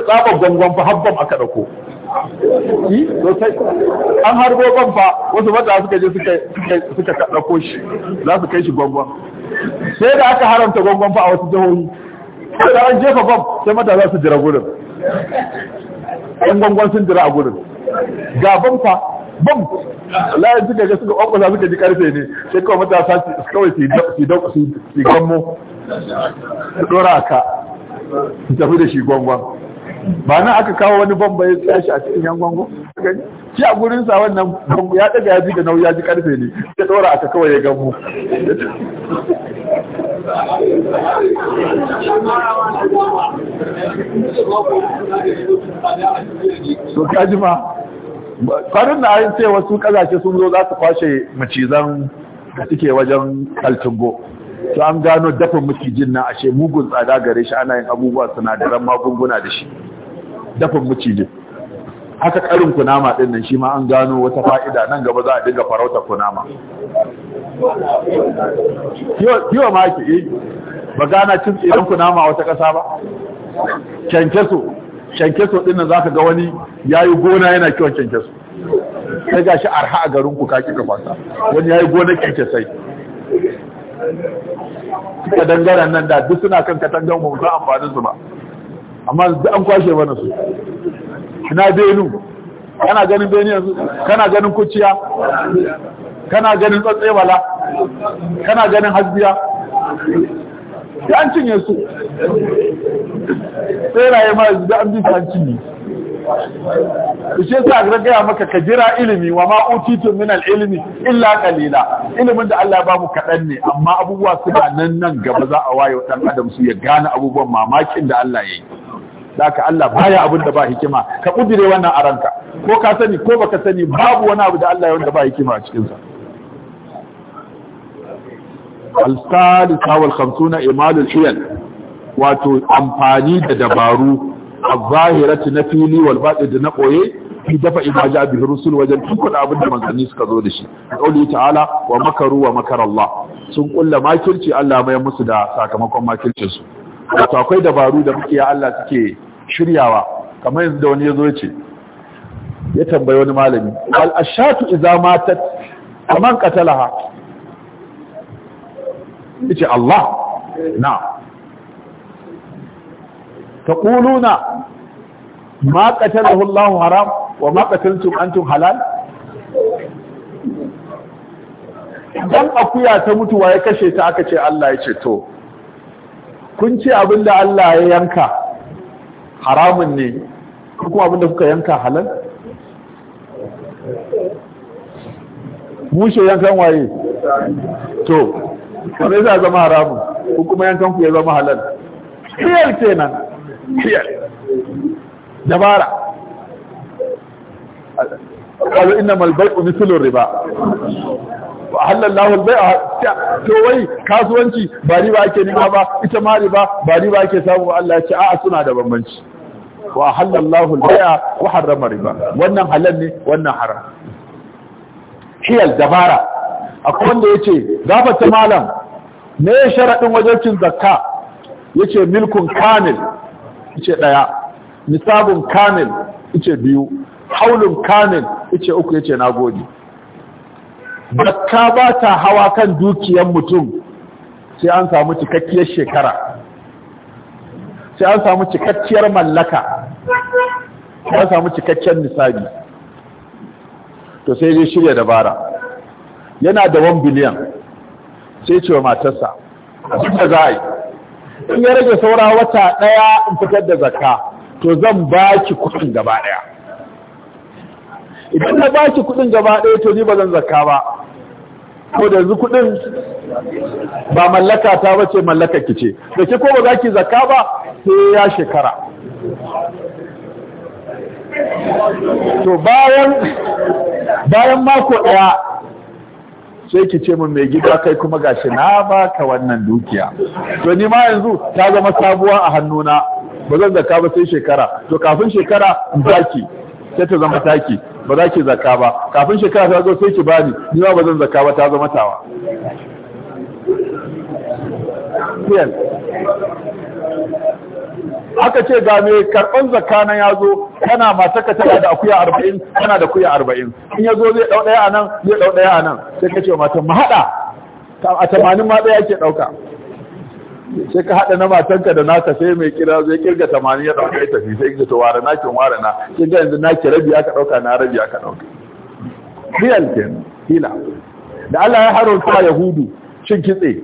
kai fa habban aka dauko an harbo ban fa wasu mata suka je suka dauko shi za su kai shi gwangwan sai da aka haramta gwangwan fa a wasu jihohi sai da an jefa bam sai matasa su jira gudun ɗan gwangwan sun jira a gudun ga bam fa bam layin suka ga suka ƙwaƙwasa suka ji karfe ne sai kawai matasa kawai su yi gammo su a ka su tafi da shi gwangwan ba nan aka kawo wani bamba ya tsaya shi a cikin yan gwangwan? shi a gurin sa wannan ya ɗaga ya ji da nauyi ya ji karfe ne ya a aka kawai ya gammo
to kaji ma
kwanan na ayin cewa su sun zo za su kwashe macizan da suke wajen kaltungo to an gano dafin macijin na ashe mugun tsada gare shi ana yin abubuwa sinadaran magunguna da shi dafa macijin haka karin kunama din nan shi ma an gano wata fa'ida nan gaba za a dinga farauta kunama kiwa ma ake yi ba gana cin tsirin kunama wata ƙasa ba kyankyaso kyankyaso din nan za ka ga wani ya yi gona yana kiwon kyankyaso sai ga shi arha a garin ku ka ka kwasa wani ya yi gona kyankyasai suka dangaren nan da duk suna kan katangan mu amfanin su ba amma an kwashe mana su na benu kana ganin benu yanzu kana ganin kuciya kana ganin tsatsewala kana ganin hasbiya yancin cinye su tseraye ma yanzu da an bi an cinye shi yasa ga gaya maka ka jira ilimi wa ma utitu min al illa kalila ilimin da Allah ya bamu kadan ne amma abubuwa suna nan nan gaba za a waye dan adam su ya gane abubuwan mamakin da Allah ya yi haka Allah baya abin da ba hikima ka kudire wannan a ranka ko ka sani ko baka sani babu wani abu da Allah wanda ba hikima a cikinsa. sa al khamsuna imalul hiyal wato amfani da dabaru al-zahirati na fili wal batin da na koye fi dafa ima ja rusul wajen tukun abin da manzanni suka zo da shi kauli ta'ala wa makaru wa makar Allah sun kulla makirci Allah mai musu da sakamakon makircin su wato akwai dabaru da muke Allah suke shiryawa kamar yanzu da wani ya zo ce ya tambayi wani malami al'ashatu iza matat kaman katalaha ya ce Allah na ta ƙuluna ma katalahu Allah haram wa ma kataltum antum halal dan akuya ta mutuwa ya kashe ta aka ce Allah ya ce to kun ce abinda Allah ya yanka haramun ne kuma abinda kuka yanka halal mushe yankan waye to kuma ya zama haramun ko kuma yankan ku ya zama halal hiyar kenan kiyar dabara قالوا انما البيع مثل riba wa halallahu a baia to wai kasuwanci ba riba ake nima ba ita ma riba ba riba ake samu Allah ya ce a'a suna da bambanci wa halallahu al-bai'a wa harrama riba wannan halal ne wannan haram hiyal dabara akwai wanda yace gafata malam me sharadin wajibin zakka yace milkun kamil yace daya nisabun kamil yace biyu haulun kamil yace uku yace nagode Bakka ba ta hawa kan dukiyar mutum sai an samu cikakkiyar shekara sai an samu cikakkiyar mallaka sai an samu cikakkiyar nisabi to sai zai shirya dabara yana da 1 biliyan sai ce wa matarsa abin da za a yi in ya rage saura wata ɗaya in fitar da zakka to zan ba ki kuɗin gaba ɗaya idan na ba ki kuɗin gaba ɗaya to ni ba zan zakka ba ko da yanzu kuɗin ba mallaka ta bace mallaka ki ce da ke ko ba za ki zaka ba sai ya shekara
to bayan bayan mako ɗaya
sai ki ce min mai gida kai kuma gashi na baka wannan dukiya to ni ma yanzu ta zama sabuwa a hannuna ba zan zaka ba sai shekara to kafin shekara in baki sai ta zama taki ba za ki zaka ba kafin shekara ta zo sai ki bani ni ma ba zan zakka ba ta zama tawa
aka ce ga me
karɓar zakka na ya zo kana mataka tana da akuya arba'in kana da kuya arba'in in ya zo zai ɗau ɗaya anan, zai ɗau ɗaya anan. sai kace mata mu haɗa a tamanin ma ɗaya ke ɗauka sai ka haɗa na matanka da naka sai mai kira zai kirga tamanin ya ɗauka ya tafi sai ka ware na kin ware na sai ga yanzu na ki rabi aka ɗauka na rabi aka ɗauka real kenan hila da Allah ya haro ta yahudu cin kitse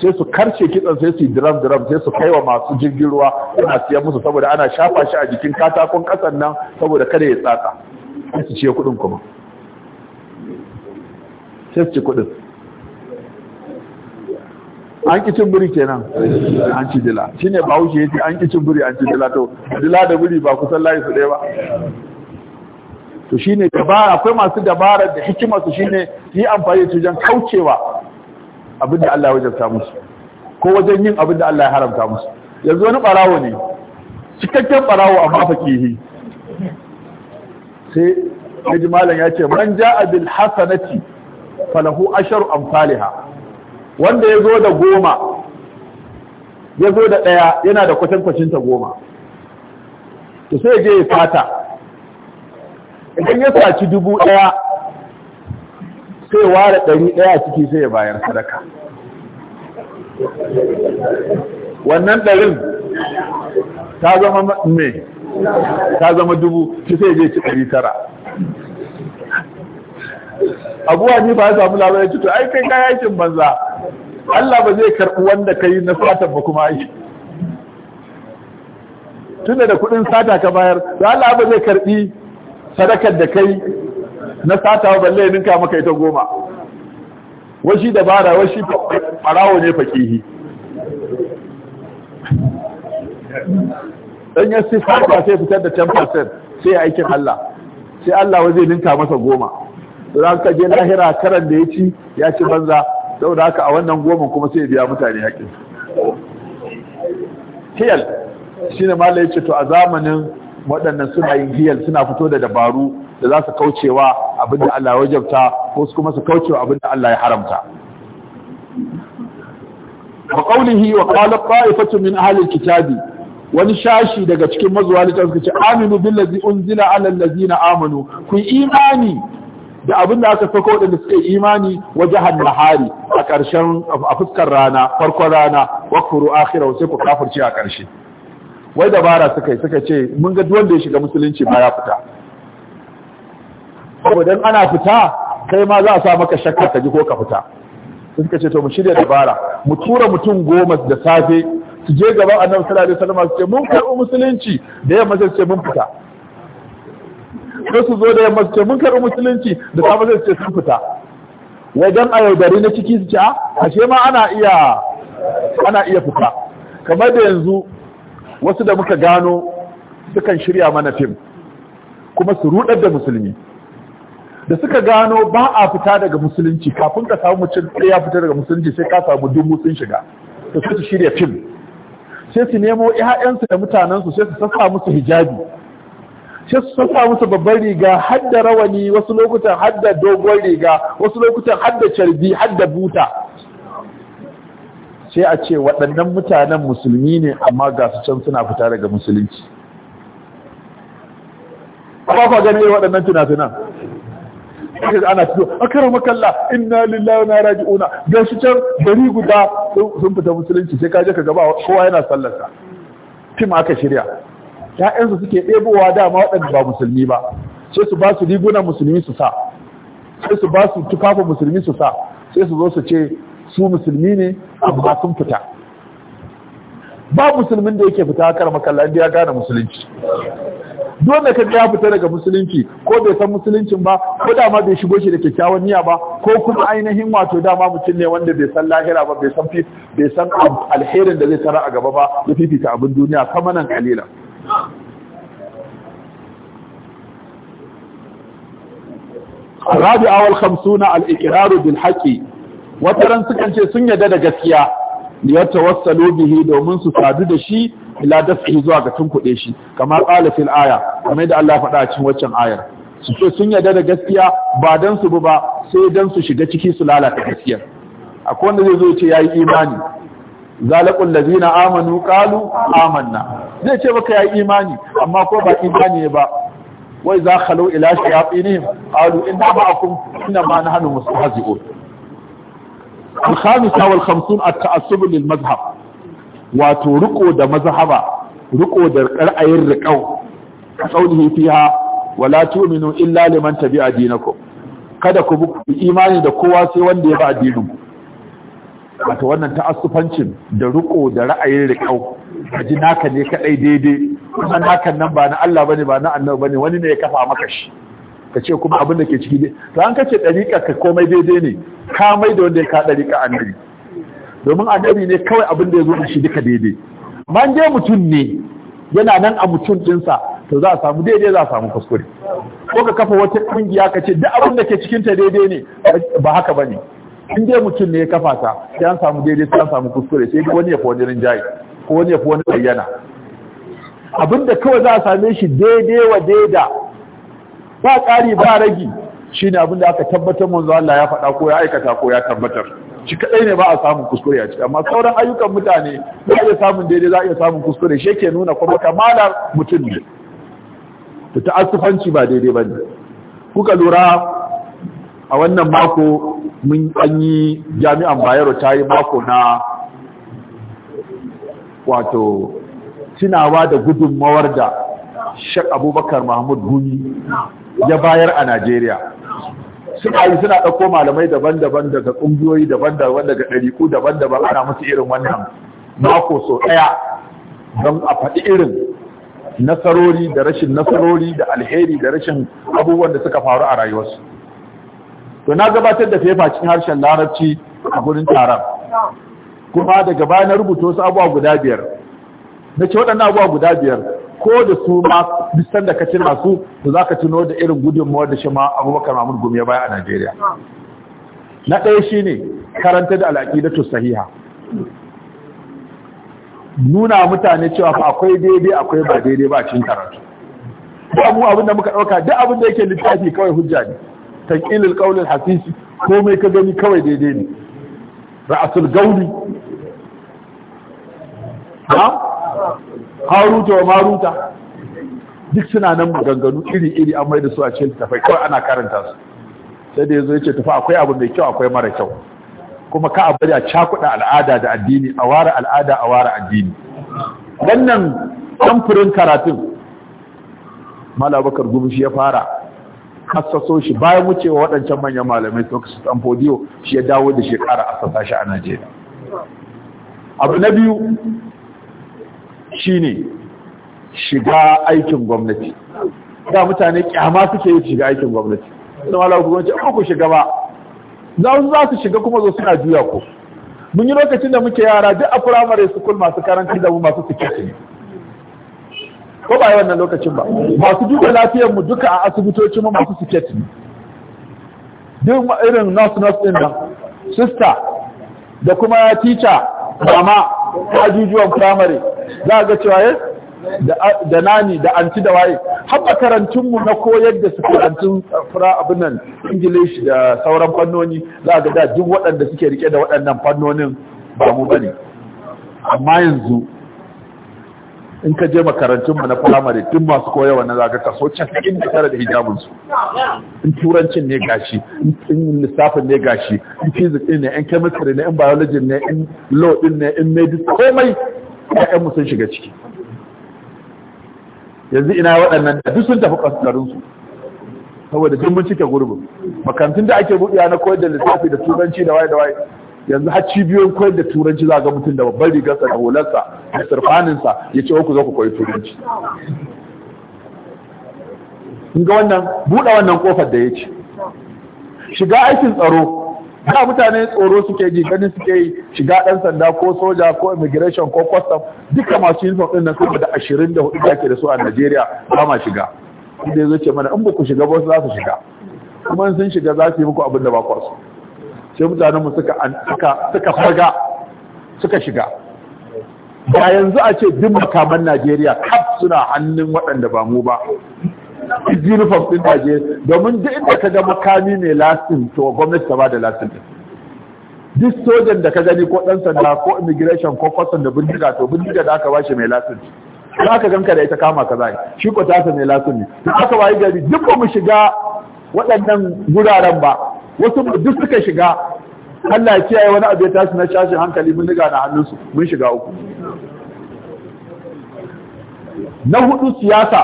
sai su karce kitsen sai su yi dram dram sai su kaiwa masu jirgin ruwa suna siyan musu saboda ana shafa shi a jikin katakon kasan nan saboda kada ya tsatsa sai su ce kuɗin kuma sai su ce kuɗin an ki cin buri kenan an ci dila shine bahaushe ce an ki cin buri an ci dila to dila da buri ba kusan layi su ɗaya ba to shine dabara akwai masu dabarar da hikima su shine yi amfani da jan kaucewa abin da Allah ya wajabta musu ko wajen yin abin da Allah ya haramta musu yanzu wani barawo ne cikakken barawo amma fakihi sai kaji malam ya ce man ja'a bil hasanati falahu asharu amsalha wanda ya zo da goma ya zo da ɗaya yana da kwatankwacin ta goma to sai je ya fata idan ya saci dubu ɗaya sai ware ɗari ɗaya ciki sai ya bayar sadaka wannan ɗarin ta zama mai ta zama dubu ci sai je ci ɗari tara abu wani ba ya samu labarai cuto ai kai kayan aikin banza Allah ba zai karɓi wanda ka yi na satan ba kuma ai tunda da kuɗin sata ka bayar da Allah ba zai karɓi sadakar da kai na sata ba balle ninka maka ita goma washi dabara washi farawo ne fakihi dan ya sai sai fitar da 10% sai aikin Allah sai Allah wa zai ninka masa goma za ka je lahira karan da ya ci ya ci banza saboda haka a wannan goma kuma sai ya biya mutane haƙƙin hiyal shine malai ya ce to a zamanin waɗannan suna yin hiyal suna fito da dabaru da za su kaucewa abin da Allah ya wajabta ko su kuma su kaucewa abin da Allah ya haramta wa qawlihi wa qala ta'ifatu min ahli kitabi wani shashi daga cikin mazuwa ce aminu billazi unzila alal ladina amanu ku imani da abin da aka sako waɗanda suka yi imani wajen nahari a ƙarshen a fuskar rana farkon rana wakfuru akhira sai ku kafirci a ƙarshe wai dabara suka yi suka ce mun ga duk wanda ya shiga musulunci ma ya fita Ko dan ana fita kai ma za a sa maka shakka ka ji ko ka fita suka ce to mu shirya dabara mu tura mutum goma da safe su je gaban annabi sallallahu alaihi wasallam su ce mun karɓi musulunci da yamma sai su ce mun fita sai su zo da yamma su ce mun karɓi musulunci da safe zai ce sun fita wajen a yaudari na ciki su ce a ah, ashe ma ana iya ana iya fita kamar da yanzu wasu da muka gano sukan shirya mana fim kuma su rudar da musulmi da suka gano ba a fita daga musulunci kafin ka samu mutum ya fita daga musulunci sai ka samu dubu sun shiga to su shirya fim sai su nemo 'ya'yansu da mutanensu sai su sassa musu hijabi sai su sa musu babban riga hadda rawani wasu lokutan hadda dogon riga wasu lokutan hadda carbi hadda buta sai a ce waɗannan mutanen musulmi ne amma ga su can suna fita daga musulunci ba ku irin waɗannan tunatunan aka ana fito akara makalla inna lillahi wa inna raji'un ga shi can gari guda sun fita musulunci sai ka je ka gaba kowa yana sallarsa fim aka shirya ‘ya’yansu suke ɗebowa dama waɗanda ba musulmi ba sai su ba su riguna musulmi su sa sai su ba su tufafa musulmi su sa sai su zo su ce su musulmi ne amma sun fita ba musulmin da yake fita kar makalla ya gane musulunci dole ka ya fita daga musulunci ko bai san musuluncin ba ko dama bai shigo shi da kyakkyawan niyya ba ko kuma ainihin wato dama mutum ne wanda bai san lahira ba bai san alherin da zai tara a gaba ba ya fifita abin duniya kamanan kalilan.
rabi awal khamsuna
al-iqraru bil
wata ran sukan
ce sun yarda da gaskiya liyata wasu bihi domin su sadu da shi ila dafi zuwa ga tun kuɗe shi kamar qala fil aya kamar da Allah faɗa a cikin waccan ayar su ce sun yadda da gaskiya ba dan su ba sai dan su shiga ciki su lalata gaskiyar akwai wanda zai zo ce yayi imani zalaqul ladina amanu qalu amanna zai ce baka yi imani amma ko ba imani ne ba wai za ka lau ila inda ba a kun kuna ma na hannun nahnu a الخامسة والخمسون lil mazhab wato riko da mazhaba riko da ra'ayin riƙau qaulihi ha, wala tu'minu illa liman tabi'a dinakum kada ku bi imani da kowa sai wanda ya ba addinin wato wannan ta'asufancin da riko da ra'ayin riƙau ji naka ne kadai daidai kuma hakan nan ba na Allah bane ba na annabi bane wani ne ya kafa maka shi ka ce kuma abin da ke ciki ne to an kace dariƙa ka komai daidai ne ka mai da wanda ya ka dariƙa annabi domin annabi ne kawai abin da ya zo da shi duka daidai amma je mutum ne yana nan a mutum dinsa to za a samu daidai za a samu kuskure ko ka kafa wata kungiya ka ce duk abin da ke cikin ta daidai ne ba haka bane in dai mutum ne ya kafa ta sai an samu daidai sai an samu kuskure sai wani ya fa wani rinjaye ko wani ya fi wani bayyana abinda kawai za a same shi daidai wa daida ba ƙari ba ragi shi ne abinda aka tabbatar manzo Allah ya faɗa ko ya aikata ko ya tabbatar shi kaɗai ne ba a samun kuskure a ciki amma sauran ayyukan mutane za a iya samun daidai za a iya samun kuskure shi ke nuna kuma kamalar mutum ne ta ta'assufanci ba daidai ba ne kuka lura a wannan mako mun an yi jami'an bayero ta yi mako na wato tunawa da gudunmawar da shek abubakar mahmud gumi ya bayar a najeriya suna yi suna ɗauko malamai daban-daban daga ƙungiyoyi daban-daban daga ɗariku daban-daban ana musu irin wannan mako so ɗaya don a faɗi irin nasarori da rashin nasarori da alheri da rashin abubuwan da suka faru a rayuwarsu to na gabatar da fefa cikin harshen larabci a gurin taron kuma daga baya na rubuta wasu abubuwa guda biyar na ce waɗannan abuwa guda biyar ko da su ma bisan da ka ci su to za ka tuno da irin gudunmawar da shi ma abubakar mamun gumi ya baya a najeriya na ɗaya shi ne karanta da da sahiha nuna mutane cewa fa akwai daidai akwai ba daidai ba cin karatu ba abu abin da muka ɗauka duk abin da yake littafi kawai hujja ne tanqilul qawlil hasisi komai ka gani kawai daidai ne ra'asul gauli ha haruta wa maruta duk suna nan maganganu iri-iri an mai da su a cikin tafai kawai ana karanta su sai da ya zo ya ce tafi akwai abu mai kyau akwai mara kyau kuma ka a bari a cakuɗa al'ada da addini a ware al'ada a ware addini wannan samfurin karatun malabakar shi ya fara kasaso shi bayan wucewa waɗancan manyan malamai su kasu tamfodiyo shi ya dawo da shekara a sassa shi a najeriya abu na biyu shine shiga aikin gwamnati da mutane kyama suke yi shiga aikin gwamnati suna wala hukumar ce ku shiga ba za su za su shiga kuma zo suna juya ku mun yi lokacin da muke yara duk a firamare school masu karanci da mu masu tiketi ne ko ba yi wannan lokacin ba masu duka lafiyar mu duka a asibitoci mu masu tiketi ne duk irin nurse nurse din nan sister da kuma teacher mama ajujuwan firamare za a ga cewa eh, da nani da anti da waye haɓa karantunmu na koyar da su karantun eh, fura abin nan ingilish da sauran fannoni za ga da duk waɗanda suke rike da waɗannan fannonin ba mu bane amma yanzu in ka je makarantunmu na firamare duk masu koyarwa na zaga kaso casa'in da tara da hijabinsu in turancin ne gashi in lissafin ne gashi in physics ne in chemistry ne in biology ne in law ne in medicine komai mu sun shiga ciki yanzu ina waɗannan da duk sun tafi ƙasarunsu saboda duk cike gurbin makarantun da ake buɗewa na koyar da lissafi da turanci da waye da waye yanzu har cibiyoyin koyar da turanci za ga mutum da babban rigarsa da hularsa da surfaninsa ya ce ku zo ku koyi
turanci kun ga wannan buɗe wannan kofar da ya ce
shiga aikin tsaro ba mutane tsoro suke ji ganin suke yi shiga ɗan sanda ko soja ko immigration ko custom duka masu uniform ɗin nan sama da ashirin da hudu ake da su a Najeriya ba ma shiga inda ya ce mana in ba ku shiga ba su za su shiga kuma in sun shiga za su yi muku abin da ba ku su sai mutanen mu suka suka suka suka shiga ba yanzu a ce duk makaman Najeriya kaf suna hannun waɗanda ba mu ba uniform din Najeriya domin duk inda ka ga makami mai lasin to gwamnati ta ba da lasin duk sojan da ka gani ko ɗan sanda ko immigration ko kwasan da bindiga to bindiga da aka bashi mai lasin za ka ganka da ita kama ka zai shi ko tasa mai lasin ne to aka wayi gari duk ba mu shiga waɗannan guraren ba wasu duk suka shiga Allah ya kiyaye wani abu ya tashi na shashin hankali mun riga na hannunsu mun shiga uku na hudu siyasa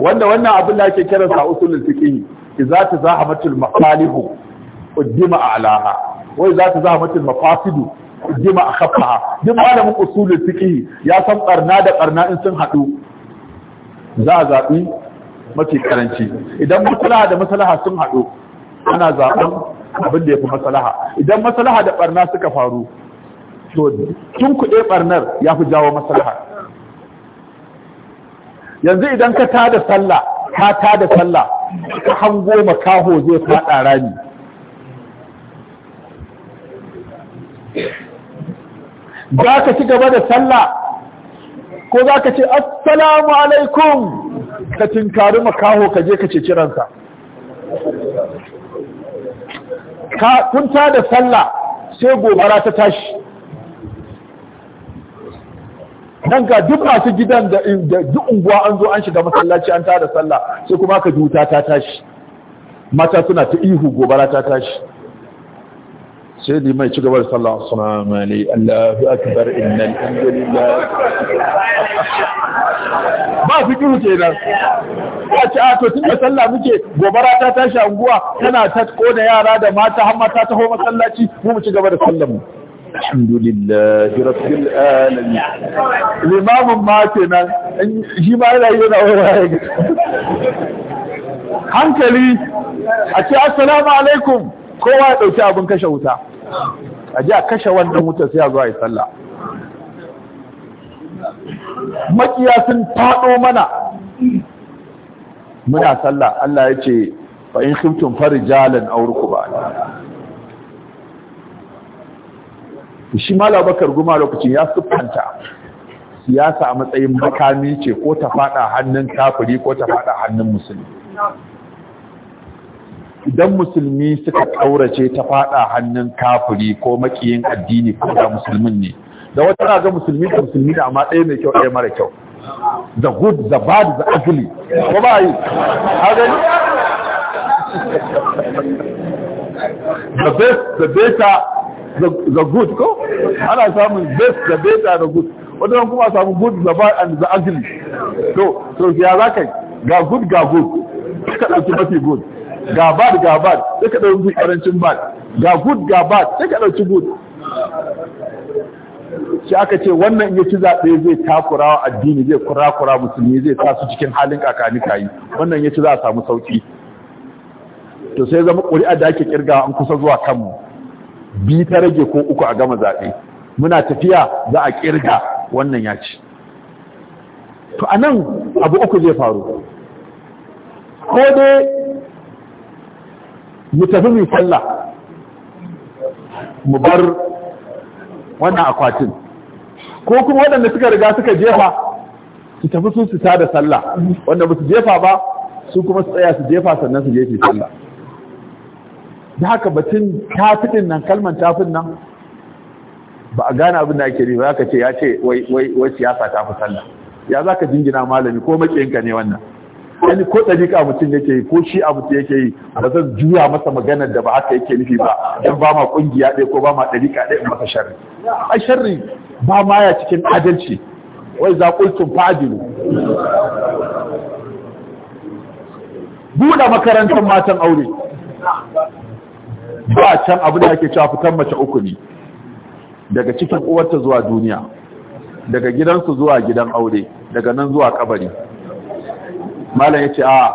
wanda wannan abin da ake kira sa usulul fiqh idza tazahamatul maqalihu uddima alaha wa idza tazahamatul mafasidu uddima akhaffaha duk malamin usulul fiqh ya san karna da karna in sun haɗu za a zaɓi mafi karanci idan maslaha da maslaha sun haɗu ana zaben abin da ya fi maslaha idan maslaha da ɓarna suka faru to tun kuɗe ɓarnar ya fi jawo maslaha yanzu idan ka tada sallah ka tada sallah ka hango makaho zai fada rami za ka ci gaba da sallah ko za ka ce assalamu alaikum ka tinkari makaho ka je ka ce kiransa kun tada sallah sai gobara ta tashi nan ga duk masu gidan da duk unguwa an zo an shiga masallaci an tada sallah sai kuma ka ji ta tashi mata suna ta ihu gobara ta tashi sai da mai cigaba da sallah assalamu alaihi Allahu akbar inna alhamdulillah ba kiru kenan ya ce a to tun da sallah muke gobara ta tashi unguwa tana ta kona yara da mata har mata taho masallaci mu mu cigaba da sallah mu الحمد لله رب العالمين الإمام ما شي ما لا ينا
hankali a ce
assalamu alaikum kowa ya ɗauki abin kashe wuta a ji a kashe wannan wuta sai a zuwa yi sallah
makiya sun faɗo
mana muna sallah Allah ya ce fa'in khiftum farijalan aurku ba shi ma labakar goma lokacin ya siffanta siyasa a matsayin makami ce ko ta fada hannun kafiri ko ta fada hannun musulmi idan musulmi suka kaurace ta fada hannun kafiri ko makiyin addini ko da musulmin ne da wata raga musulmi da musulmi da amma ɗaya mai kyau ɗaya mara kyau the good the bad the ugly ko ba yi gani the best the better the good ko ana samun best da beta da good wadda kuma samun good the bad and the ugly so so ya za ka ga good ga good ka ɗauki mafi good ga bad ga bad sai ka ɗauki ƙarancin bad ga good ga bad sai ka ɗauki good shi aka ce wannan ya ci zaɓe zai takura wa addini zai kurakura musulmi zai sa su cikin halin kakani kayi wannan ya ci za a samu sauƙi to sai zama ƙuri'a da ake ƙirga an kusa zuwa kanmu bi ta rage ko uku a gama zaɓe muna tafiya za a ƙirga wannan ya ci to a nan abu uku zai faru ko dai mu tafi mu falla
mu bar wannan akwatin
ko kuma waɗanda suka riga suka jefa su tafi sun su da sallah wanda ba su jefa ba su kuma su tsaya su jefa sannan su je sallah da haka batun tafiɗin nan kalman tafin nan ba a gane abin da ake riba ya ce ya ce wai siyasa ta fi sallah ya za ka jingina malami ko maƙiyinka ne wannan wani ko ɗariƙa mutum yake yi ko shi a mutum yake yi ba zan juya masa maganar da ba haka yake nufi ba don ba ma ƙungiya ɗaya ko ba ma ɗariƙa ɗaya in masa sharri a sharri ba ma ya cikin adalci wai za ƙultun fadilu
buɗe makarantar
matan aure ba can abin da ake cewa fitan mace uku ne daga cikin uwarta zuwa duniya daga gidansu zuwa gidan aure daga nan zuwa kabari malam ya ce a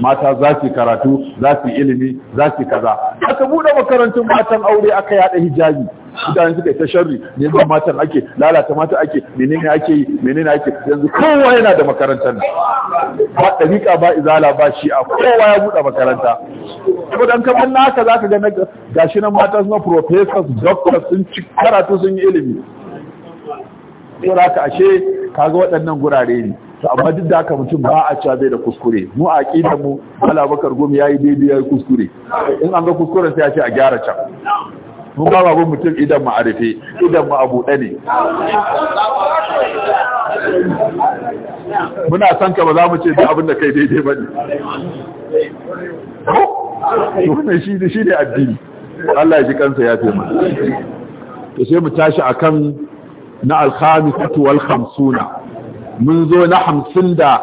mata za su karatu za su ilimi za su kaza aka buɗe makarantun matan aure aka yaɗa hijabi mutane suka yi ta sharri ba matan ake lalata mata ake menene ake yi menene ake yanzu kowa yana da makarantar ba ɗariƙa ba izala ba shi a kowa ya buɗe makaranta saboda kamar naka zaka ga gashi nan mata suna professors doctors sun ci karatu sun yi ilimi saboda ashe kaga waɗannan gurare ne to amma duk da haka mutum ba a cewa bai da kuskure mu a aqidar mu alabakar Bakar Gumi yayi daidai yayi kuskure in an ga kuskuren sai a ce a gyara can mun ba babun mutum idan mu arife idan mu abu ne
muna son ka ba za mu ce duk abin
da kai daidai ba ne wannan shi ne shi ne addini Allah ya ji kansa ya fi mana to sai mu tashi akan na al-khamisatu wal mun zo na hamsin da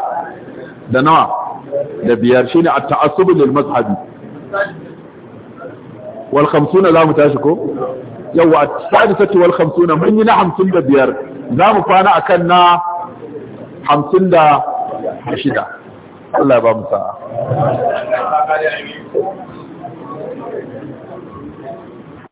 da nawa da biyar shine ne a ta'asubin mazhabi wal khamsuna za mu tashi ko yawa sadisatu wal khamsuna mun yi na hamsin da biyar za mu kwana akan na hamsin da shida Allah ya ba mu
sa'a